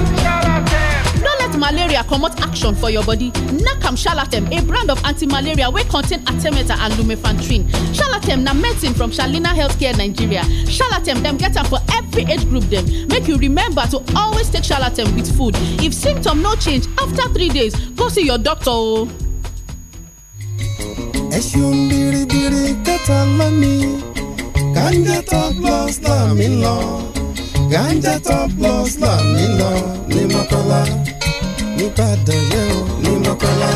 malaria comot action for your body nakam shalatem a brand of anti-malaria wey contain artemata and lumefantrine shalatem na medicine from shalina healthcare nigeria shalatem dem get am for every age group dem make you remember to always take shalatem with food if symptom no change after three days go see your doctor o. Oh. ẹ biribiri kẹta lẹ́mí ganja top loss là lọ ganja top loss là lọ ní mọ́kànlá nìbàdàn yẹn ò ní mọ́kànlá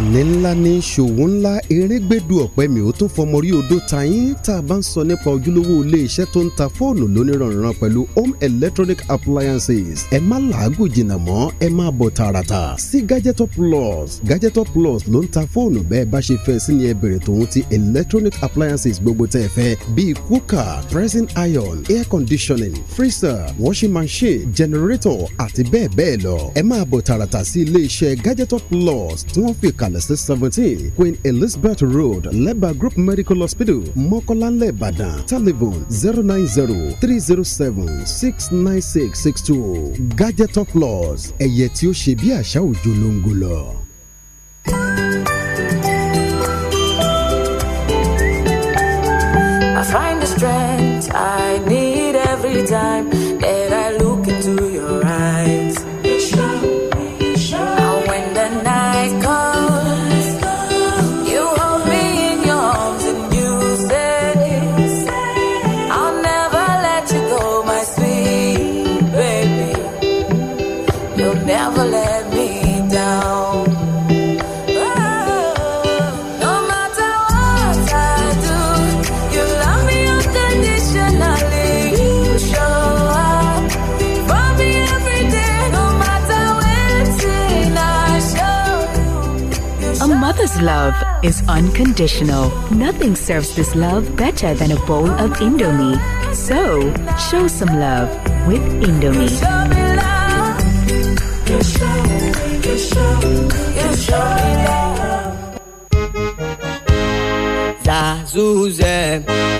ẹni ńlá ní ṣòwò ńlá erégbèdú ọ̀pẹ mi ò tún fọmọ rí odò tayín tá a bá ń sọ nípa ojúlówó iléeṣẹ́ tó ń ta fóònù lóníranran pẹ̀lú home electronic appliances ẹ má làágùn jìnnà mọ́ ẹ máa bọ̀ tààràtà sí gadgetor plus gadgetor plus ló ń ta fóònù bẹ́ẹ̀ bá ṣe fẹ́ sí ni ẹ bèrè tòun ti electronic appliances gbogbo tẹ́ ẹ fẹ́ bíi cooker pressing iron air conditioning freezer washing machine generator àti bẹ́ẹ̀ bẹ́ẹ̀ lọ ẹ máa bọ̀ tààràtà sí iléeṣẹ́ gadgetor plus tí wọ́n fi kà dialysis 17, Queen Elizabeth Road, Leba Group Medical Hospital, Mokola Lebada, telephone 090 307 69662. Gadget of Laws, ẹ̀yẹ tí ó ṣe I find the strength I need every time love is unconditional. Nothing serves this love better than a bowl of Indomie. So, show some love with Indomie. Zazuzem.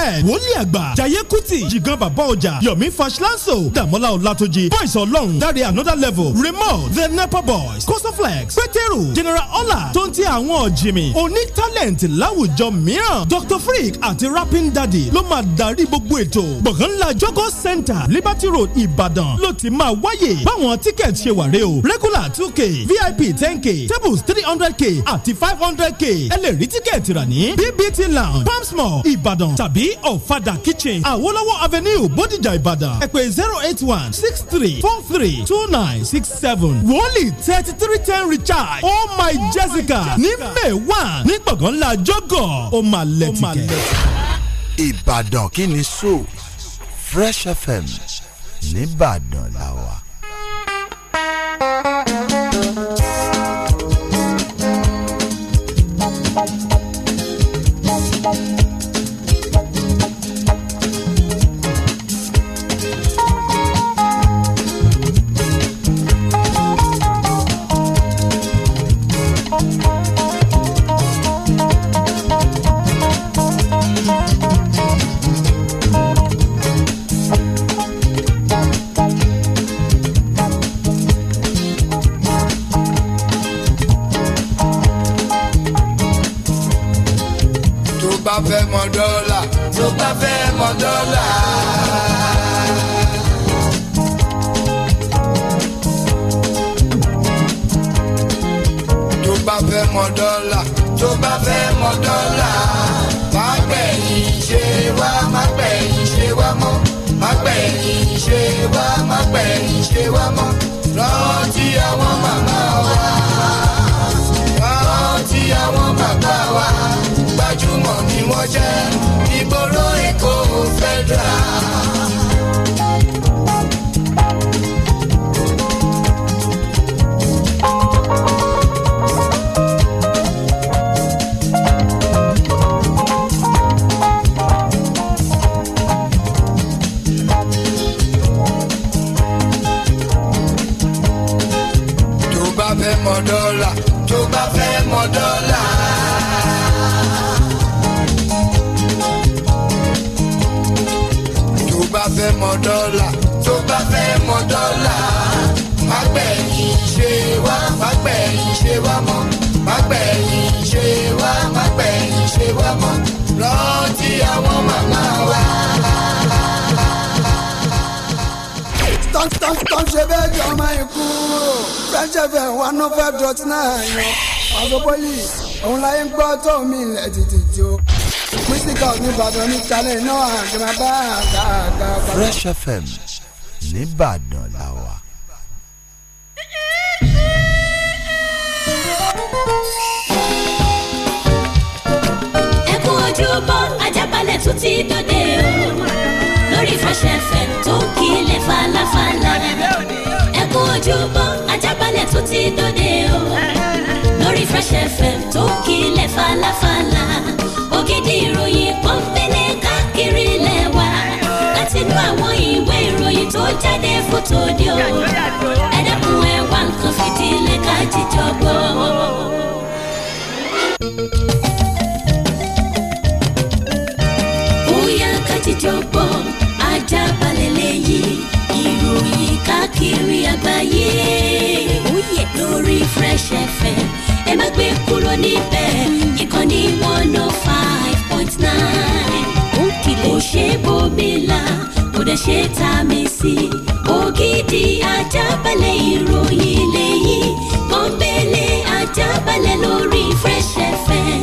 n wòlíì àgbà jaiye kuti jigan bàbá ọjà yomi fashlanso damola olatoji. boys ọlọ́run dáre another level remote the nepa boys kosoflex peteru general ola tó ń ti àwọn jimmy oní talent láwùjọ mìíràn dr freak àti rapping daddy ló máa darí gbogbo ètò gbọ̀ngàn ńlá jogo center liberty road ìbàdàn ló ti máa wáyè báwọn ticket ṣe wà rè o regular two k vip ten k tables three hundred k àti five hundred k ẹ lè rí tíkẹ́ẹ̀tì rà ní bbt lounge palms mall ìbàdàn tàbí tàbí ọ̀fadà kitchen àwọlọ́wọ́ avenue bódìjà ìbàdàn ẹ pè zero eight one six three four three two nine six seven wọ́ọ̀lì thirty three ten richard oh my oh jessica ní may one ní gbọ̀ngàn ńlá jọ́gọ̀ ó máa lẹ́tìkẹ́. ìbàdàn kí ni so fresh fm nìbàdàn làwà. fẹ́ mọ dọ́là tó bá fẹ́ mọ dọ́là. tó bá fẹ́ mọ dọ́là tó bá fẹ́ mọ dọ́là má gbẹ̀yìn ṣe wá má gbẹ̀yìn ṣe wá mọ́ má gbẹ̀yìn ṣe wá má gbẹ̀yìn ṣe wá mọ́ rántí àwọn màmá wa rántí àwọn bàbá wa. Ìmọ̀jẹ ìgboro Èkó federal. mọ dọ́là. tó bá fẹ́ mọ dọ́là. fẹ́ mọ dọ́là tó bá fẹ́ mọ dọ́là mágbẹ̀yìn ṣe wá mágbẹ̀yìn ṣe wá mọ́ mágbẹ̀yìn ṣe wá mágbẹ̀yìn ṣe wá mọ́ rántí àwọn màmá wa. tọ́ntọ́ntọ́n ṣe bẹ́ẹ̀ jọ ọmọ ikú Fresh FM one oh five dot nine yan ọ̀gbọ́n pọ́lì òun láyé ń gbọ́ tó mi ilẹ̀ tètè jó. Fresh FM nìbàdàn làwà. ẹkún ojúbọ ajábalẹ̀ tún ti dòde o lórí Fresh FM tó kílẹ̀ falafala ẹkún ojúbọ ajábalẹ̀ tún ti dòde o lórí Fresh FM tó kílẹ̀ falafala ògidì ìròyìn kan fẹlẹ káàkiri lẹwa láti inú àwọn ìwé ìròyìn tó jáde fótó di o ẹ dẹ́kun ẹ wá nǹkan fìdílé ká jíjọ gbọ́. bóyá ká jíjọ gbọ́ ajá balẹ̀ lẹ́yìn ìròyìn káàkiri àgbáyé oh lórí Fresh FM ẹ má gbé kúrò níbẹ̀ ìkànnì one oh five point nine. ó kìlẹ̀ ṣe bómi kò dẹ̀ ṣe tá a mi sí. ògidì ajábalẹ̀ ìròyìn lẹ́yìn pọ́npẹ́lẹ́ ajábalẹ̀ lórí Fresh FM.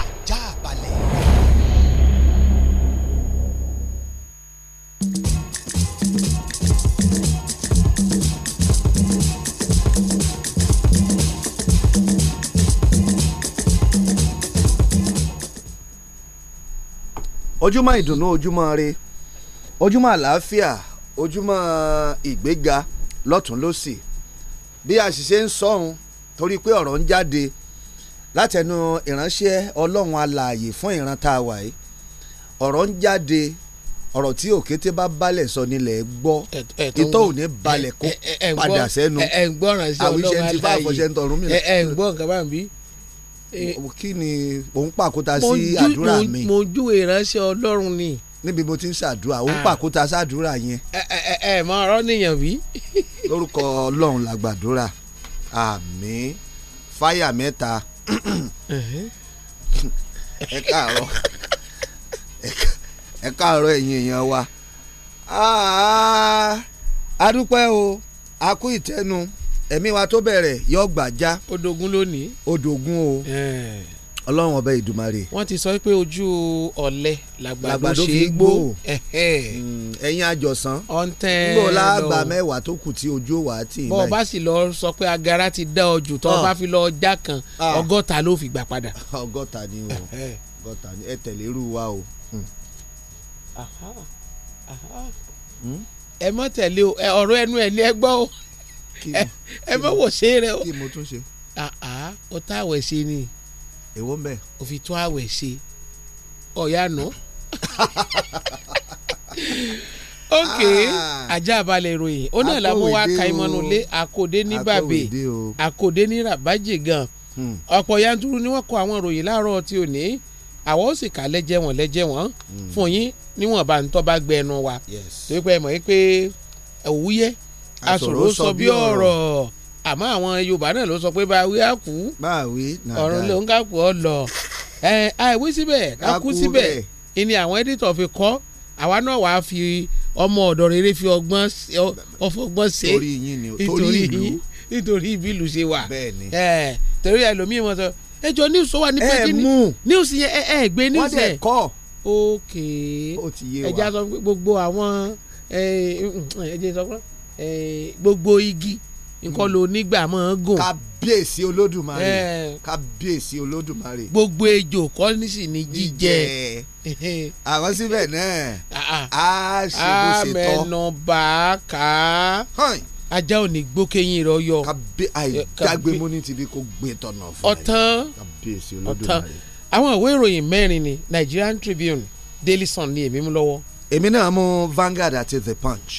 ojúmọ́ ìdùnnú ojúmọ́ re ojúmọ́ àlàáfíà ojúmọ́ ìgbéga lọ́tún lọ́sì bí àṣìṣe ń sọ̀hún torí pé ọ̀rọ̀ ń jáde látẹnu ìránṣẹ́ ọlọ́run alààyè fún ìran tá a wà yìí ọ̀rọ̀ ń jáde ọ̀rọ̀ tí òkété bá balẹ̀ sọ nílẹ̀ gbọ́ ìtọ́ ò ní balẹ̀ kó padà sẹ́nu àwíṣẹ́ ti fáfọ̀ṣẹ́ ń tọrùn mi. ẹ ẹ ń gbọ́ nǹkan bá ń bí Eh, kí ni òun pàkóta sí àdúrà mi. mo ju ìránṣẹ́ ọlọ́run ni. níbi mo ti ń ṣàdúrà òun ah. pàkóta ṣàdúrà yẹn. ẹ ẹ ẹ mọ ọ̀rọ̀ nìyẹn bí. lórúkọ ọlọ́run la gbàdúrà àmín fáyà mẹ́ta ẹ káàárọ̀ ẹ káàárọ̀ ẹ̀yin èèyàn wa a dúpẹ́ o a kú ìtẹ́nu ẹ̀mí wa tó bẹ̀rẹ̀ yọ gbàjá. odògùn lónìí. odògùn o ọlọ́run ọbẹ̀ ìdùmarè. wọ́n ti sọ pé ojú ọ̀lẹ làgbàdo ṣe é gbó mm, ẹ̀yin àjọsán ọ̀ntẹ́ lọ lágbà mẹ́wàá tó kù tí ojú wà á tì í. bọ́ọ̀ bá sì lọ sọ pé agara ti dá ọ jù tọ́ ah. bá fi lọ já kan ah. ọgọ́ta ló fi gbà padà. ọgọ́ta ni o ọgọ́ta ni ẹ tẹ̀lé irú wa o. Hmm. Hmm? ẹ mọ̀ tẹ̀lé o ọ̀rọ̀ ẹnu ẹ̀ ni ẹ gbọ́ o ẹ bá wò ṣe rẹ o. kí mo tún ṣe. àá o tá àwẹ̀ ṣe ni. èwo ń bẹ̀. o fi tún àwẹ̀ ṣe ọ̀yà nù. ok ah. ajá balẹ̀ ìròyìn ó náà làwọn wa ka ìmọ̀nù lé àkòdé ní bàbè àkòdé ní rabaji gan hmm. ọ̀pọ̀ yanturu ni wọ́n kọ àwọn ìròyìn láàárọ̀ tí ò ní àwọn ó sì kà lẹ́jẹ̀ wọ́n lẹ́jẹ̀ wọ́n hmm. fún yín níwọ̀n bá ń tọ́ bá gbẹnu wa torí pé ẹ mọ̀ pé òwúyẹ́ àṣòro sọ bí ọ̀rọ̀ àmọ́ àwọn Yorùbá náà ló sọ pé bá a wí á kú ọ̀run ló ń ká kú ọ lọ àìwí síbẹ̀ ká kú síbẹ̀ ìní àwọn ẹ́dítọ̀ fi kọ́ àwa náà wàá fi ọmọ ọ̀dọ̀ rere fi ọgbọ́n ọfọgbọ́n ṣe nítorí ìlú nítorí ibi ìlú ṣe wà torí ẹlòmíì wọn sọ ẹ jọ news wà ní pẹ́ẹ́dì news yẹn ẹ ẹ gbé news yẹn ok ẹ jẹ́ sọ gbogbo àwọn ẹ jẹ́ sọ fún Eh, gbogbo igi nǹkan mm. ló nígbà máa ń gùn. kábíyèsí olódùmarè eh. kábíyèsí olódùmarè. gbogbo ejò kọ́ nísì ní jíjẹ. àwọn síbẹ̀ náà ah, ah. a ṣe bó ṣe tọ́. amẹnu bá a kà á ajá ò ní gbó rẹ yọ. àìdágbé eh, mú ní tibí gbé tọ̀nà fún ẹ. ọ̀tán kábíyèsí àwọn ìwé ìròyìn mẹ́rin ni Nigerian Tribune Daily Sun ni èmi mú lọ́wọ́. èmi náà mú Vanguard àti The Punch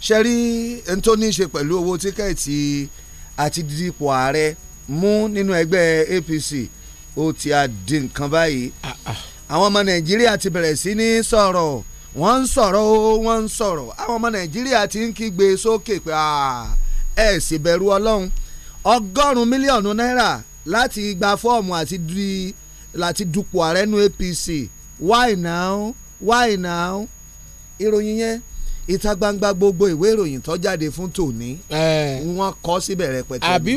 ṣe rí n tó ní í ṣe pẹ̀lú owó tíkẹ́ẹ̀tì àti dídípò ààrẹ mú nínú ẹgbẹ́ APC ó ti àdín nǹkan báyìí ah, ah. àwọn ọmọ Nàìjíríà ti bẹ̀rẹ̀ sí ní sọ̀rọ̀ wọ́n ń sọ̀rọ̀ o wọ́n ń sọ̀rọ̀ àwọn ọmọ Nàìjíríà ti ń kígbe sókè pé ẹ sì bẹ̀rù Ọlọ́run ọgọ́rùn-ún mílíọ̀nù náírà láti gba fọ́ọ̀mù àti di láti dupò ààrẹ nu APC why now why now ìròyìn yẹn ìta gbangba gbogbo ìwé ìròyìn tó jáde fún tòní wọ́n kọ síbẹ̀ rẹpẹtẹ. àbí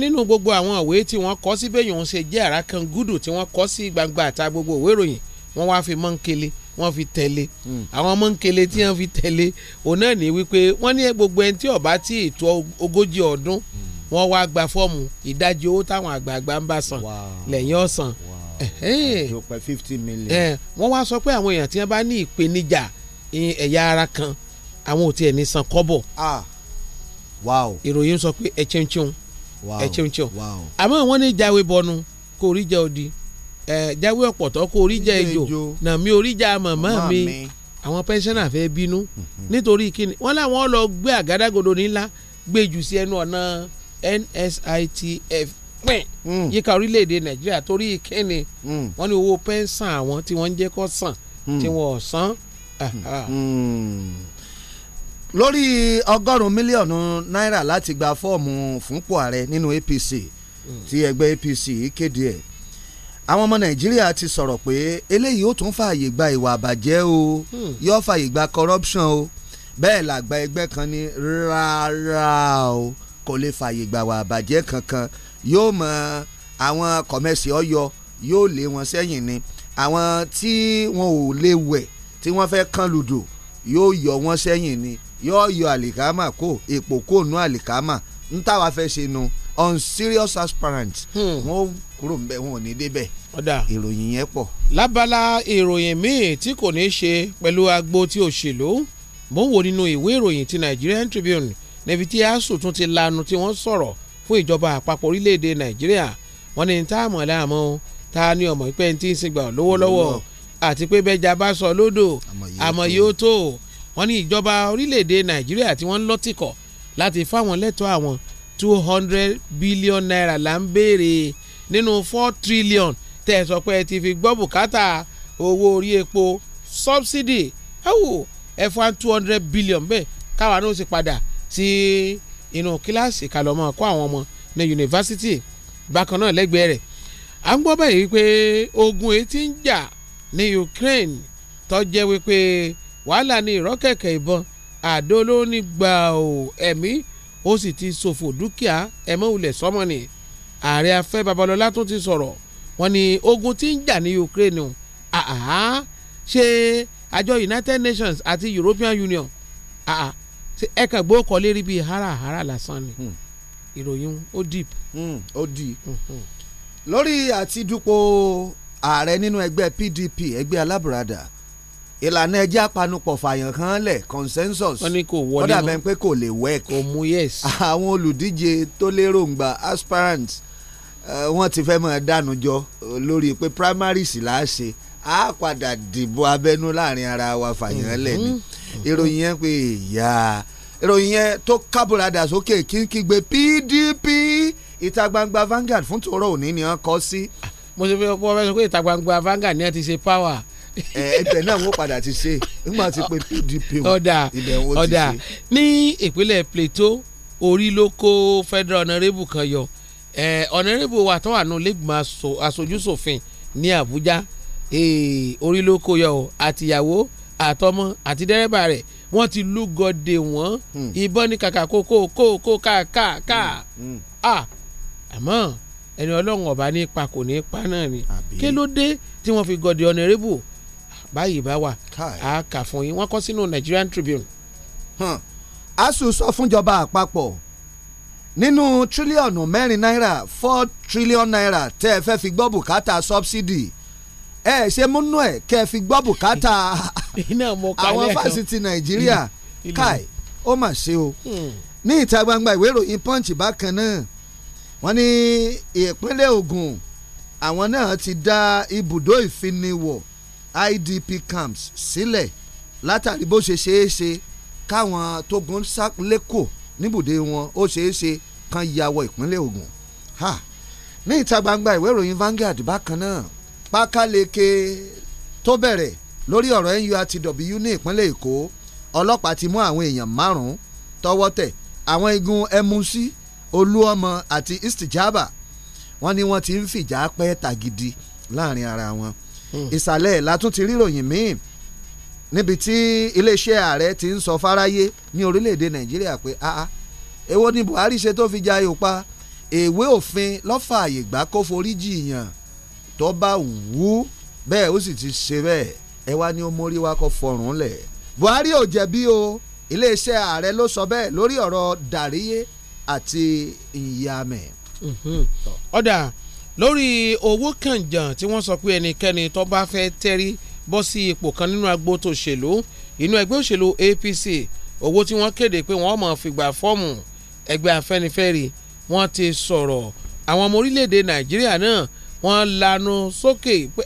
nínú gbogbo àwọn ìwé tí wọ́n kọ síbẹ̀ yòówù ṣe jẹ́ àrà kan gúdù tí wọ́n kọ sí gbangba àta gbogbo ìwé ìròyìn wọ́n wá fi mọ́ńkele wọ́n fi tẹ̀lé hmm. àwọn mọ́ńkele tí wọ́n fi tẹ̀lé òun náà ní wípé wọ́n ní gbogbo ẹni tí ó bá ti ètò ogójì ọdún hmm. wọ́n wá gba fọ́ọ̀mù ìdajì owó táwọn àgbààgbà ń bá san lẹ́yìn ọ̀sán. wọ́n wá sọ pé àwọn èèyàn tí wọ́n bá ní ìpèníjà ẹ̀yà ara kan àwọn ò tiẹ̀ ní san kọ́bọ̀ ìròyìn sọ pé ẹ cheun cheun ẹ cheun cheun àmọ́ wọ́n ní jáwé bọnu kò rí jẹ́ odi jáwé ọ̀pọ̀tọ́ kò rí jẹ́ ejò nà mí orí jà màmá mi àwọn pẹ́ńsánà fẹ́ bínú mhm. nítorí kíni wọ́n láwọn lọ gbé àgádágodo nílá gbèjù sí ẹnu ọ̀nà NSITF pín hmm. yíká orílẹ̀-èdè nàìjíríà torí kíni hmm. wọ́n ní owó pẹ́ńsán àwọn tí wọ́n ń jẹ́ kó san hmm. tí wọ́n ò san lórí ọgọ́rùn-ún mílíọ̀nù náírà láti gba fọ́ọ̀mù fúnpọ̀ ààrẹ nínú APC hmm. tí ẹgbẹ́ APC kéde ẹ̀ àwọn ọmọ Nàìjíríà ti sọ̀rọ̀ pé eléyìí ó tún fààyè gba ìwà àbàjẹ́ o hmm. yóò fààyè gba corruption o bẹ́ẹ̀ làgbà ẹgbẹ́ kan ní rárá o kò lè fààyè gba ìwà àbàjẹ́ kankan yóò mọ àwọn kọ̀mẹ́sì ọ̀yọ́ yóò lé wọn sẹ́yìn ni àwọn tí wọn ò lè wẹ̀ tí wọ́n fẹ́ kán lùdò yóò yọ wọn sẹ́yìn ni yóò yọ àlìkámà kó èpò kó nu àlìkámà ń táwa fẹ́ ṣe nu on serious aspirant hmm. wọn kúrò ń bẹ wọn ò ní débẹ̀ ìròyìn yẹn pọ̀. lábala ìròyìn míì tí kò ní ṣe pẹ̀lú agbo tí òṣèlú mò ń wò nínú ìwé ìròyìn ti Nigerian Tribune níbi tí asuu tún ti lanu tí wọ́n sọ̀rọ̀ fún ìjọba àpapọ̀ orílẹ̀-èdè Nàìjíríà wọ́n ní tá a mọ̀ láàmú tá a ní ọmọ ìpẹ́ tí ń sìgbà lọ́wọ́lọ́wọ́ àti pé bẹ́ẹ̀ jábá sọ lódò àmọ́ yóò tó wọ́n ní ìjọba orílẹ̀-èdè nàìjíríà tí wọ́n ń lọ́tìkọ̀ láti fáwọn lẹ́tọ̀ọ́ àwọn two hundred billion naira là ń béèrè nínú four trillion tẹ̀ sọ pé ti fi gbọ́ bùkátà owó orí epo subsidy ẹ̀wò ẹ̀ fún two hundred billion bẹ́ẹ̀ káwa náà sì padà sí inú kíláàsì kálọ́mọ́ kó àwọn ọmọ ní yunifásitì bákan náà lẹ́gbẹ̀ẹ́ rẹ̀ à ń gbọ́ báyìí wípé ogun etí ń jà ní Ukraine tó jẹ́ wípé wàhálà ni ìrọ́kẹ̀kẹ̀ ìbọn àdó olóró ní gbà ò ẹ̀mí ó sì ti ṣòfò dúkìá ẹ̀mọ́ ulẹ̀ sọ́mọ́ ni ààrẹ afẹ́ babalọ́lá tún ti sọ̀rọ̀ wọ́n ní ogun tí ń jà ní Ukraine o àhá ṣe àjọ United Nations àti European Union àhá ẹ kàn gbọ́ kọ́ lérí bíi háràhárà lásán ni hmm. ìròyìn ó deep. Hmm, ó di lórí àti dupò ààrẹ nínú ẹgbẹ́ PDP ẹgbẹ́ alábùradà ìlànà ẹjẹ́ apanupọ̀ fàyàn kan lẹ̀ consensus kọ́dà bẹ́ẹ̀ pé kò lè work kò mú yes àwọn olùdíje tó lérògbà aspirants wọ́n ti fẹ́ máa dànù jọ lórí pé primaries là á ṣe á padà dìbò abẹ́nú láàrin ara wa fàyàn mhm. lẹ̀ ni mhm. ìròyìn yẹn pé ìyá ìròyìn yẹn tó kábùradà sókè kíkígbe PDP ìta gbangba Vanguard fún tòró òní ni wọ́n kọ sí. mo ṣe fi ọ̀pọ̀ ọ̀rẹ́ sọ pé ìta gbangba Vanguard ni wọ́n ti ṣe power ẹgbẹ́ náà wọ́n padà ti ṣe nígbà tí pé PDP ilẹ̀ wọn ti ṣe. ní ìpínlẹ̀ Plateau orí ló kó federal honourable kan yọ honourable wa tó wà nù lẹ́gbọ̀n aṣojúṣòfin ní abuja. orí ló kó yọ àtìyàwó àtọmọ àti dẹ́rẹ́bà rẹ̀ wọ́n ti lúgọ̀dẹ̀ wọ́n hmm. ìbọn ní kàkà kókó kókó káàkáà hmm, hmm. àmọ́ ẹni ọlọ́run ọba ní ipa kò ní ipa náà ni kí ló dé tí wọ́n fi gọ̀dẹ̀ ọ̀nẹ́rẹ́bù báyìí bá wà á kà fún yín wọ́n kọ sínú Nigerian Tribune. ASUU sọ fúnjọba àpapọ̀ nínú tírílíọ̀nù mẹ́rin náírà four trillion naira tẹ́ ẹ fẹ́ fi gbọ́ bùkátà subsidy ẹ ṣe múnú ẹ kẹ́ ẹ fi gbọ́ bùkátà àwọn fásitì Nàìjíríà káì ó mà ṣe o hmm. ní ìta gbangba ìwé ìròyìn Punch bákan náà wọ́n ní ìpínlẹ̀ Ògùn àwọn náà ti dá ibùdó ìfiniwọ̀ IDP camps sílẹ̀ látàrí bó ṣe ṣeé ṣe káwọn tó gun lẹ́kọ̀ọ́ níbùdó wọn ó ṣeé ṣe kan yàwọ ìpínlẹ̀ Ògùn ní ìta gbangba ìwé ìròyìn Vanguard bákan náà pákáleke tó bẹ̀rẹ̀ lórí ọ̀rọ̀ NURTW ní ìpínlẹ̀ Èkó ọlọ́pàá ti mú àwọn èèyàn márùn-ún tọwọ́ tẹ̀ àwọn igun MUC Olúọmọ àti Istijaba wọ́n ní wọ́n ti ń fìjà pẹ́ tàgídí láàrin ara wọn ìsàlẹ̀ la tún ti ríròyìn míì níbi tí iléeṣẹ́ ààrẹ ti ń sọ fáráyé ní orílẹ̀-èdè nàìjíríà pé ah, ah èwo ni buhari ṣe tó fi jayé o pa èwe òfin lọ́fà àyègbà kó forí jìyàn tó bá wù ú bẹ́ẹ̀ ó sì ti ṣe bẹ́ẹ̀ ẹ wá ní ó mórí kó fọrùn lẹ̀ buhari ò jẹ̀bi o iléeṣẹ́ ààrẹ ló sọ bẹ́ẹ̀ lórí ọ̀rọ̀ dàríyé àti ìyàmẹ̀. Mhm. ọ̀dà lórí owó kànjàn tí wọ́n sọ pé ẹnikẹ́ni tó bá fẹ́ tẹ́rí bọ́ sí ipò kan nínú agbo tó ṣèlú inú ẹgbẹ́ òṣèlú APC owó tí wọ́n kéde pé wọ́n mọ̀ fìgbà fọ́ọ̀mù ẹgbẹ́ Afẹ́nifẹ́re wọ́n ti sọ̀rọ̀ àwọn ọmọ orílẹ̀-èdè Nàìjíríà náà wọ́n lanu sókè pé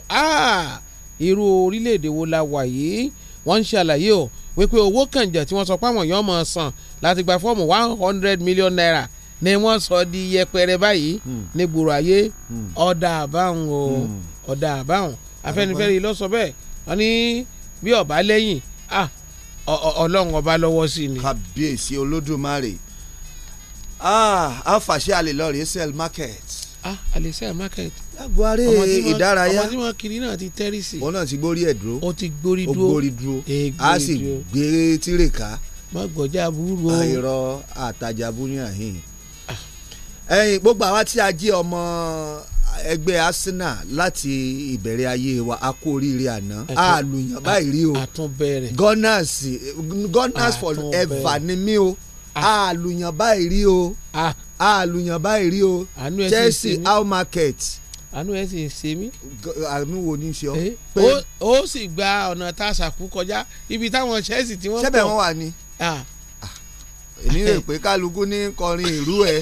irú orílẹ̀-èdè wo la wà yìí wọ́n ń ṣàlàyé o wípé owó kànjàn tí wọ́n sọ pé àwọn èèyàn mọ̀ san láti gba fọ́ọ̀mù one hundred million naira ni wọ́n sọ di yẹpẹrẹ báyìí hmm. ní gbòòrò ayé hmm. ọ̀dà àbáhùn o hmm. ọ̀dà àbáhùn Afẹ́nifẹ́re ló sọ bẹ́ẹ̀ wọ́n ní bí ọba lẹ́yìn Ọlọ́run ọba lọ́wọ́ sí ni. Kábíyèsí Olódùmarè àfàṣẹ àlè lọ rèé sell market. ah àlè sell market agbárí ìdárayá ọmọ tí wọn kiri náà ti tẹ́rì sí. òun náà ti gbórí ẹ̀ dúró. ó ti gbórí dúró ó gbórí dúró a sì gbé tirẹ̀ ká. má gbọ́jà búrú o. àìrọ àtàjà búrú àhìn ẹyin gbogbo àwa tí a jẹ́ ọmọ ẹgbẹ́ Arsenal láti ìbẹ̀rẹ̀ ayé wa a kú oríire àná àlùyàn báyìí rí o Gunners Gunners forever ni mí o àlùyàn báyìí rí o àlùyàn báyìí rí o Chelsea how market àánú ẹ sì ń ṣe mí. àánú wo ni ṣe ọ. Eh, ó sì gba ọ̀nà tá a ṣàkú kọjá ibi táwọn Chelsea tí wọ́n pọ̀. sẹ́bẹ̀ wọn wà ní èmi rè pé kálukú ní kọrin ìlú ẹ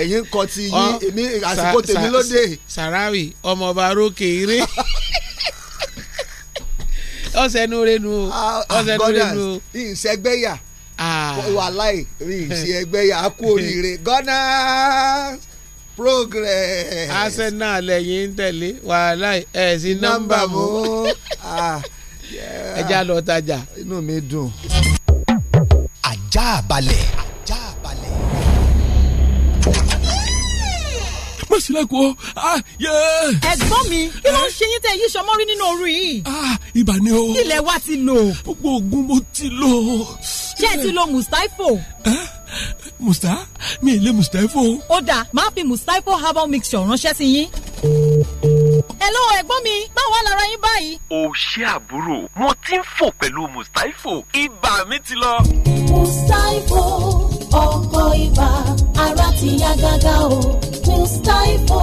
ẹ̀yin kọ ti yín èmi àsìkò tèmi lóde. sàráwì ọmọọba rókè eré ọsẹ nu renu o ọsẹ nu renu o. ìṣẹ́gbẹ́yà wàláì ìṣẹ́gbẹ́yà a kú oríire Gunners progress. Arsenal lẹ́yìn ń tẹ̀lé wàláì ẹ̀ sí nọ́mbà mú. Ah, ẹ lọ tajà. inú mi dùn ajá balẹ̀. ajá balẹ̀. Mọ̀síláìkọ́ ah, ẹ̀gbọ́n mi kí ló ń eh? ṣe yín tẹ́ yí sọmọ́rí nínú òru yìí. Ah, ibà ni o. Ilẹ̀ wa ti lò. Gbogbo oògùn mo ti lò. Ṣé ẹ ti lo Mustapho? Eh? musta mi ì lé mustapho. ó dáa máa fi mustapho herbal mixture ránṣẹ́ sí yín. Hello ẹ̀gbọ́n mi, báwo lára yín báyìí? O ṣé àbúrò, wọ́n ti ń fò pẹ̀lú Mustapho, ibà mi ti lọ. Mustapho, ọkọ̀ ibà, ara ti yá gágá o, Mustapho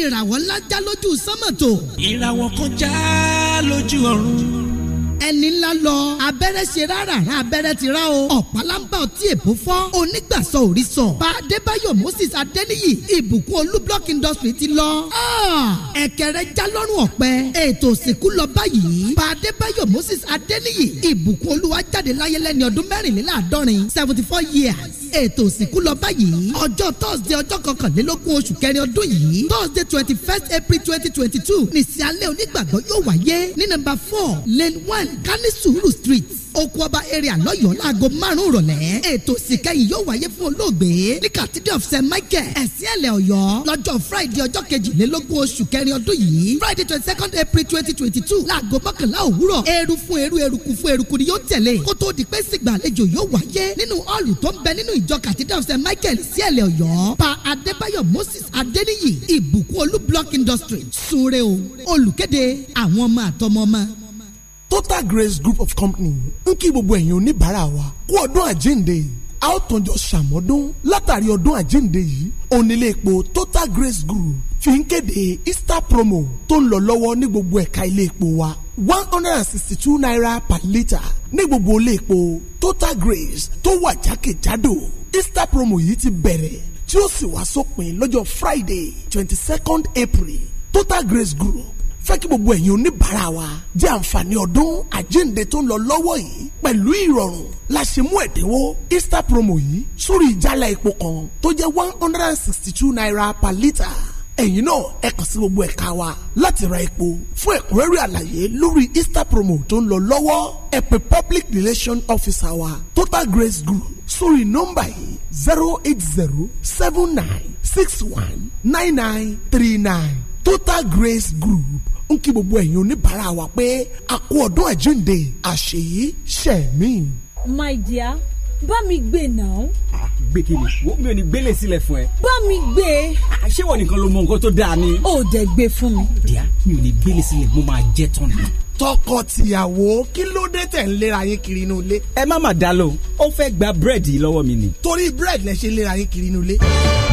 ìràwọ̀ ńlá já lójú sánmọ̀tò. ìràwọ̀ kan já lójú ọ̀run ẹni ńlá lọ abẹ́rẹ́ ṣe rárá abẹ́rẹ́ ti rá o ọ̀pálámbà ọtí èbó fọ́ onígbàsọ òrí sọ bá adébáyọ̀ moses adéníyì ìbùkún olú block industry ti lọ ah! ẹ̀kẹ́rẹ́ já lọ́rùn ọ̀pẹ ètò òsìnkú lọ báyìí bá adébáyọ̀ moses adéníyì ìbùkún olúwa jáde láyé lẹ́ni ọdún mẹ́rìnléláàádọ́rin seventy four years ètò òsìnkú lọ báyìí ọjọ́ thursday ọjọ́ kọkànlélógún oṣù kẹrin ọdún yìí thursday twenty first april twenty twenty two nìsí alẹ́ onígbàgbọ́ yóò wáyé ní number four lane one kanisu street okuọba area lọ́yọ̀ọ́ láago márùn-ún ìrọ̀lẹ́ ètò ìsìnkẹ́yìn yóò wáyé fún olóògbé ní cathedral of st michael ẹ̀sìn ẹ̀lẹ̀ ọ̀yọ́ lọ́jọ́ friday ọjọ́ kejìlélógún oṣù kẹrin ọdún yìí friday twenty second april twenty twenty two láago mọ́kànlá òwúrọ̀ eru fún eru eruku fún eruku ni yóò tẹ̀lé kó tó di pé sìgbàlejò yóò wáyé nínú ọ̀lù tó ń bẹ nínú ìjọ cathedral of st michael sí ẹ̀lẹ̀ ọ̀yọ́ pa adébáyọ̀ moses adéníyì ìbùkún olú industry sùnre o olùkéde àwọn ọmọ àtọmọ ọmọ total grace group of company ń kí gbogbo ẹ̀yin oníbàárà wa kú ọdún àjíǹde a ó tọ́jọ́ ṣàmọ́dún látàrí ọdún àjíǹde yìí onílé epo total grace group fi ń kéde easter promo tó ń lọ lọ́wọ́ ní gbogbo ẹ̀ka ilé epo wa one hundred and sixty two naira per litre ní gbogbo ilé epo total grace tó wà jákèjádò easter promo yìí ti bẹ̀rẹ̀ tí ó sì wá sópin lọ́jọ́ friday twenty second april total grace group fẹ́ kí gbogbo ẹ̀yin oníbàárà wa jẹ́ àǹfààní ọdún àjíǹde tó ń lọ lọ́wọ́ yìí pẹ̀lú ìrọ̀rùn la ṣe mú ẹ̀dínwó Easter promo yìí sórí ìjálá epo kan tó jẹ́ one hundred and sixty two naira per litre ẹ̀yin náà ẹ kàn sí gbogbo ẹ̀ka wa láti ra epo fún ẹ̀kúnrẹ́rẹ́ àlàyé lórí Easter promo tó ń lọ lọ́wọ́ ẹ pè public relation officer wa Total Grace Group sórí nọ́mbà yìí zero eight zero seven nine six one nine nine three nine Total Grace Group ń kí gbogbo ẹ̀yin oníbàárà wa pé a kú ọdún àjíǹde àṣeyí ṣẹ̀mí. my dear bá mi gbé náà. gbé kiri wo mi ò ní gbélé sílẹ̀ fún ẹ. bá mi gbé. ṣé wọ́n nìkan ló mọ nǹkan tó dáa ni. ó dẹ gbé fún mi. díà mi ò ní gbélé sílẹ̀ mo máa jẹ́ tán ni. tọkọ-tìyàwó kí ló dé tẹ̀ ń léra yín kiri inú ilé. ẹ má mà dá lóhùn ó fẹ́ gba búrẹ́dì lọ́wọ́ mi ni. torí búrẹ́dì lẹ ṣe léra yín kiri inú ilé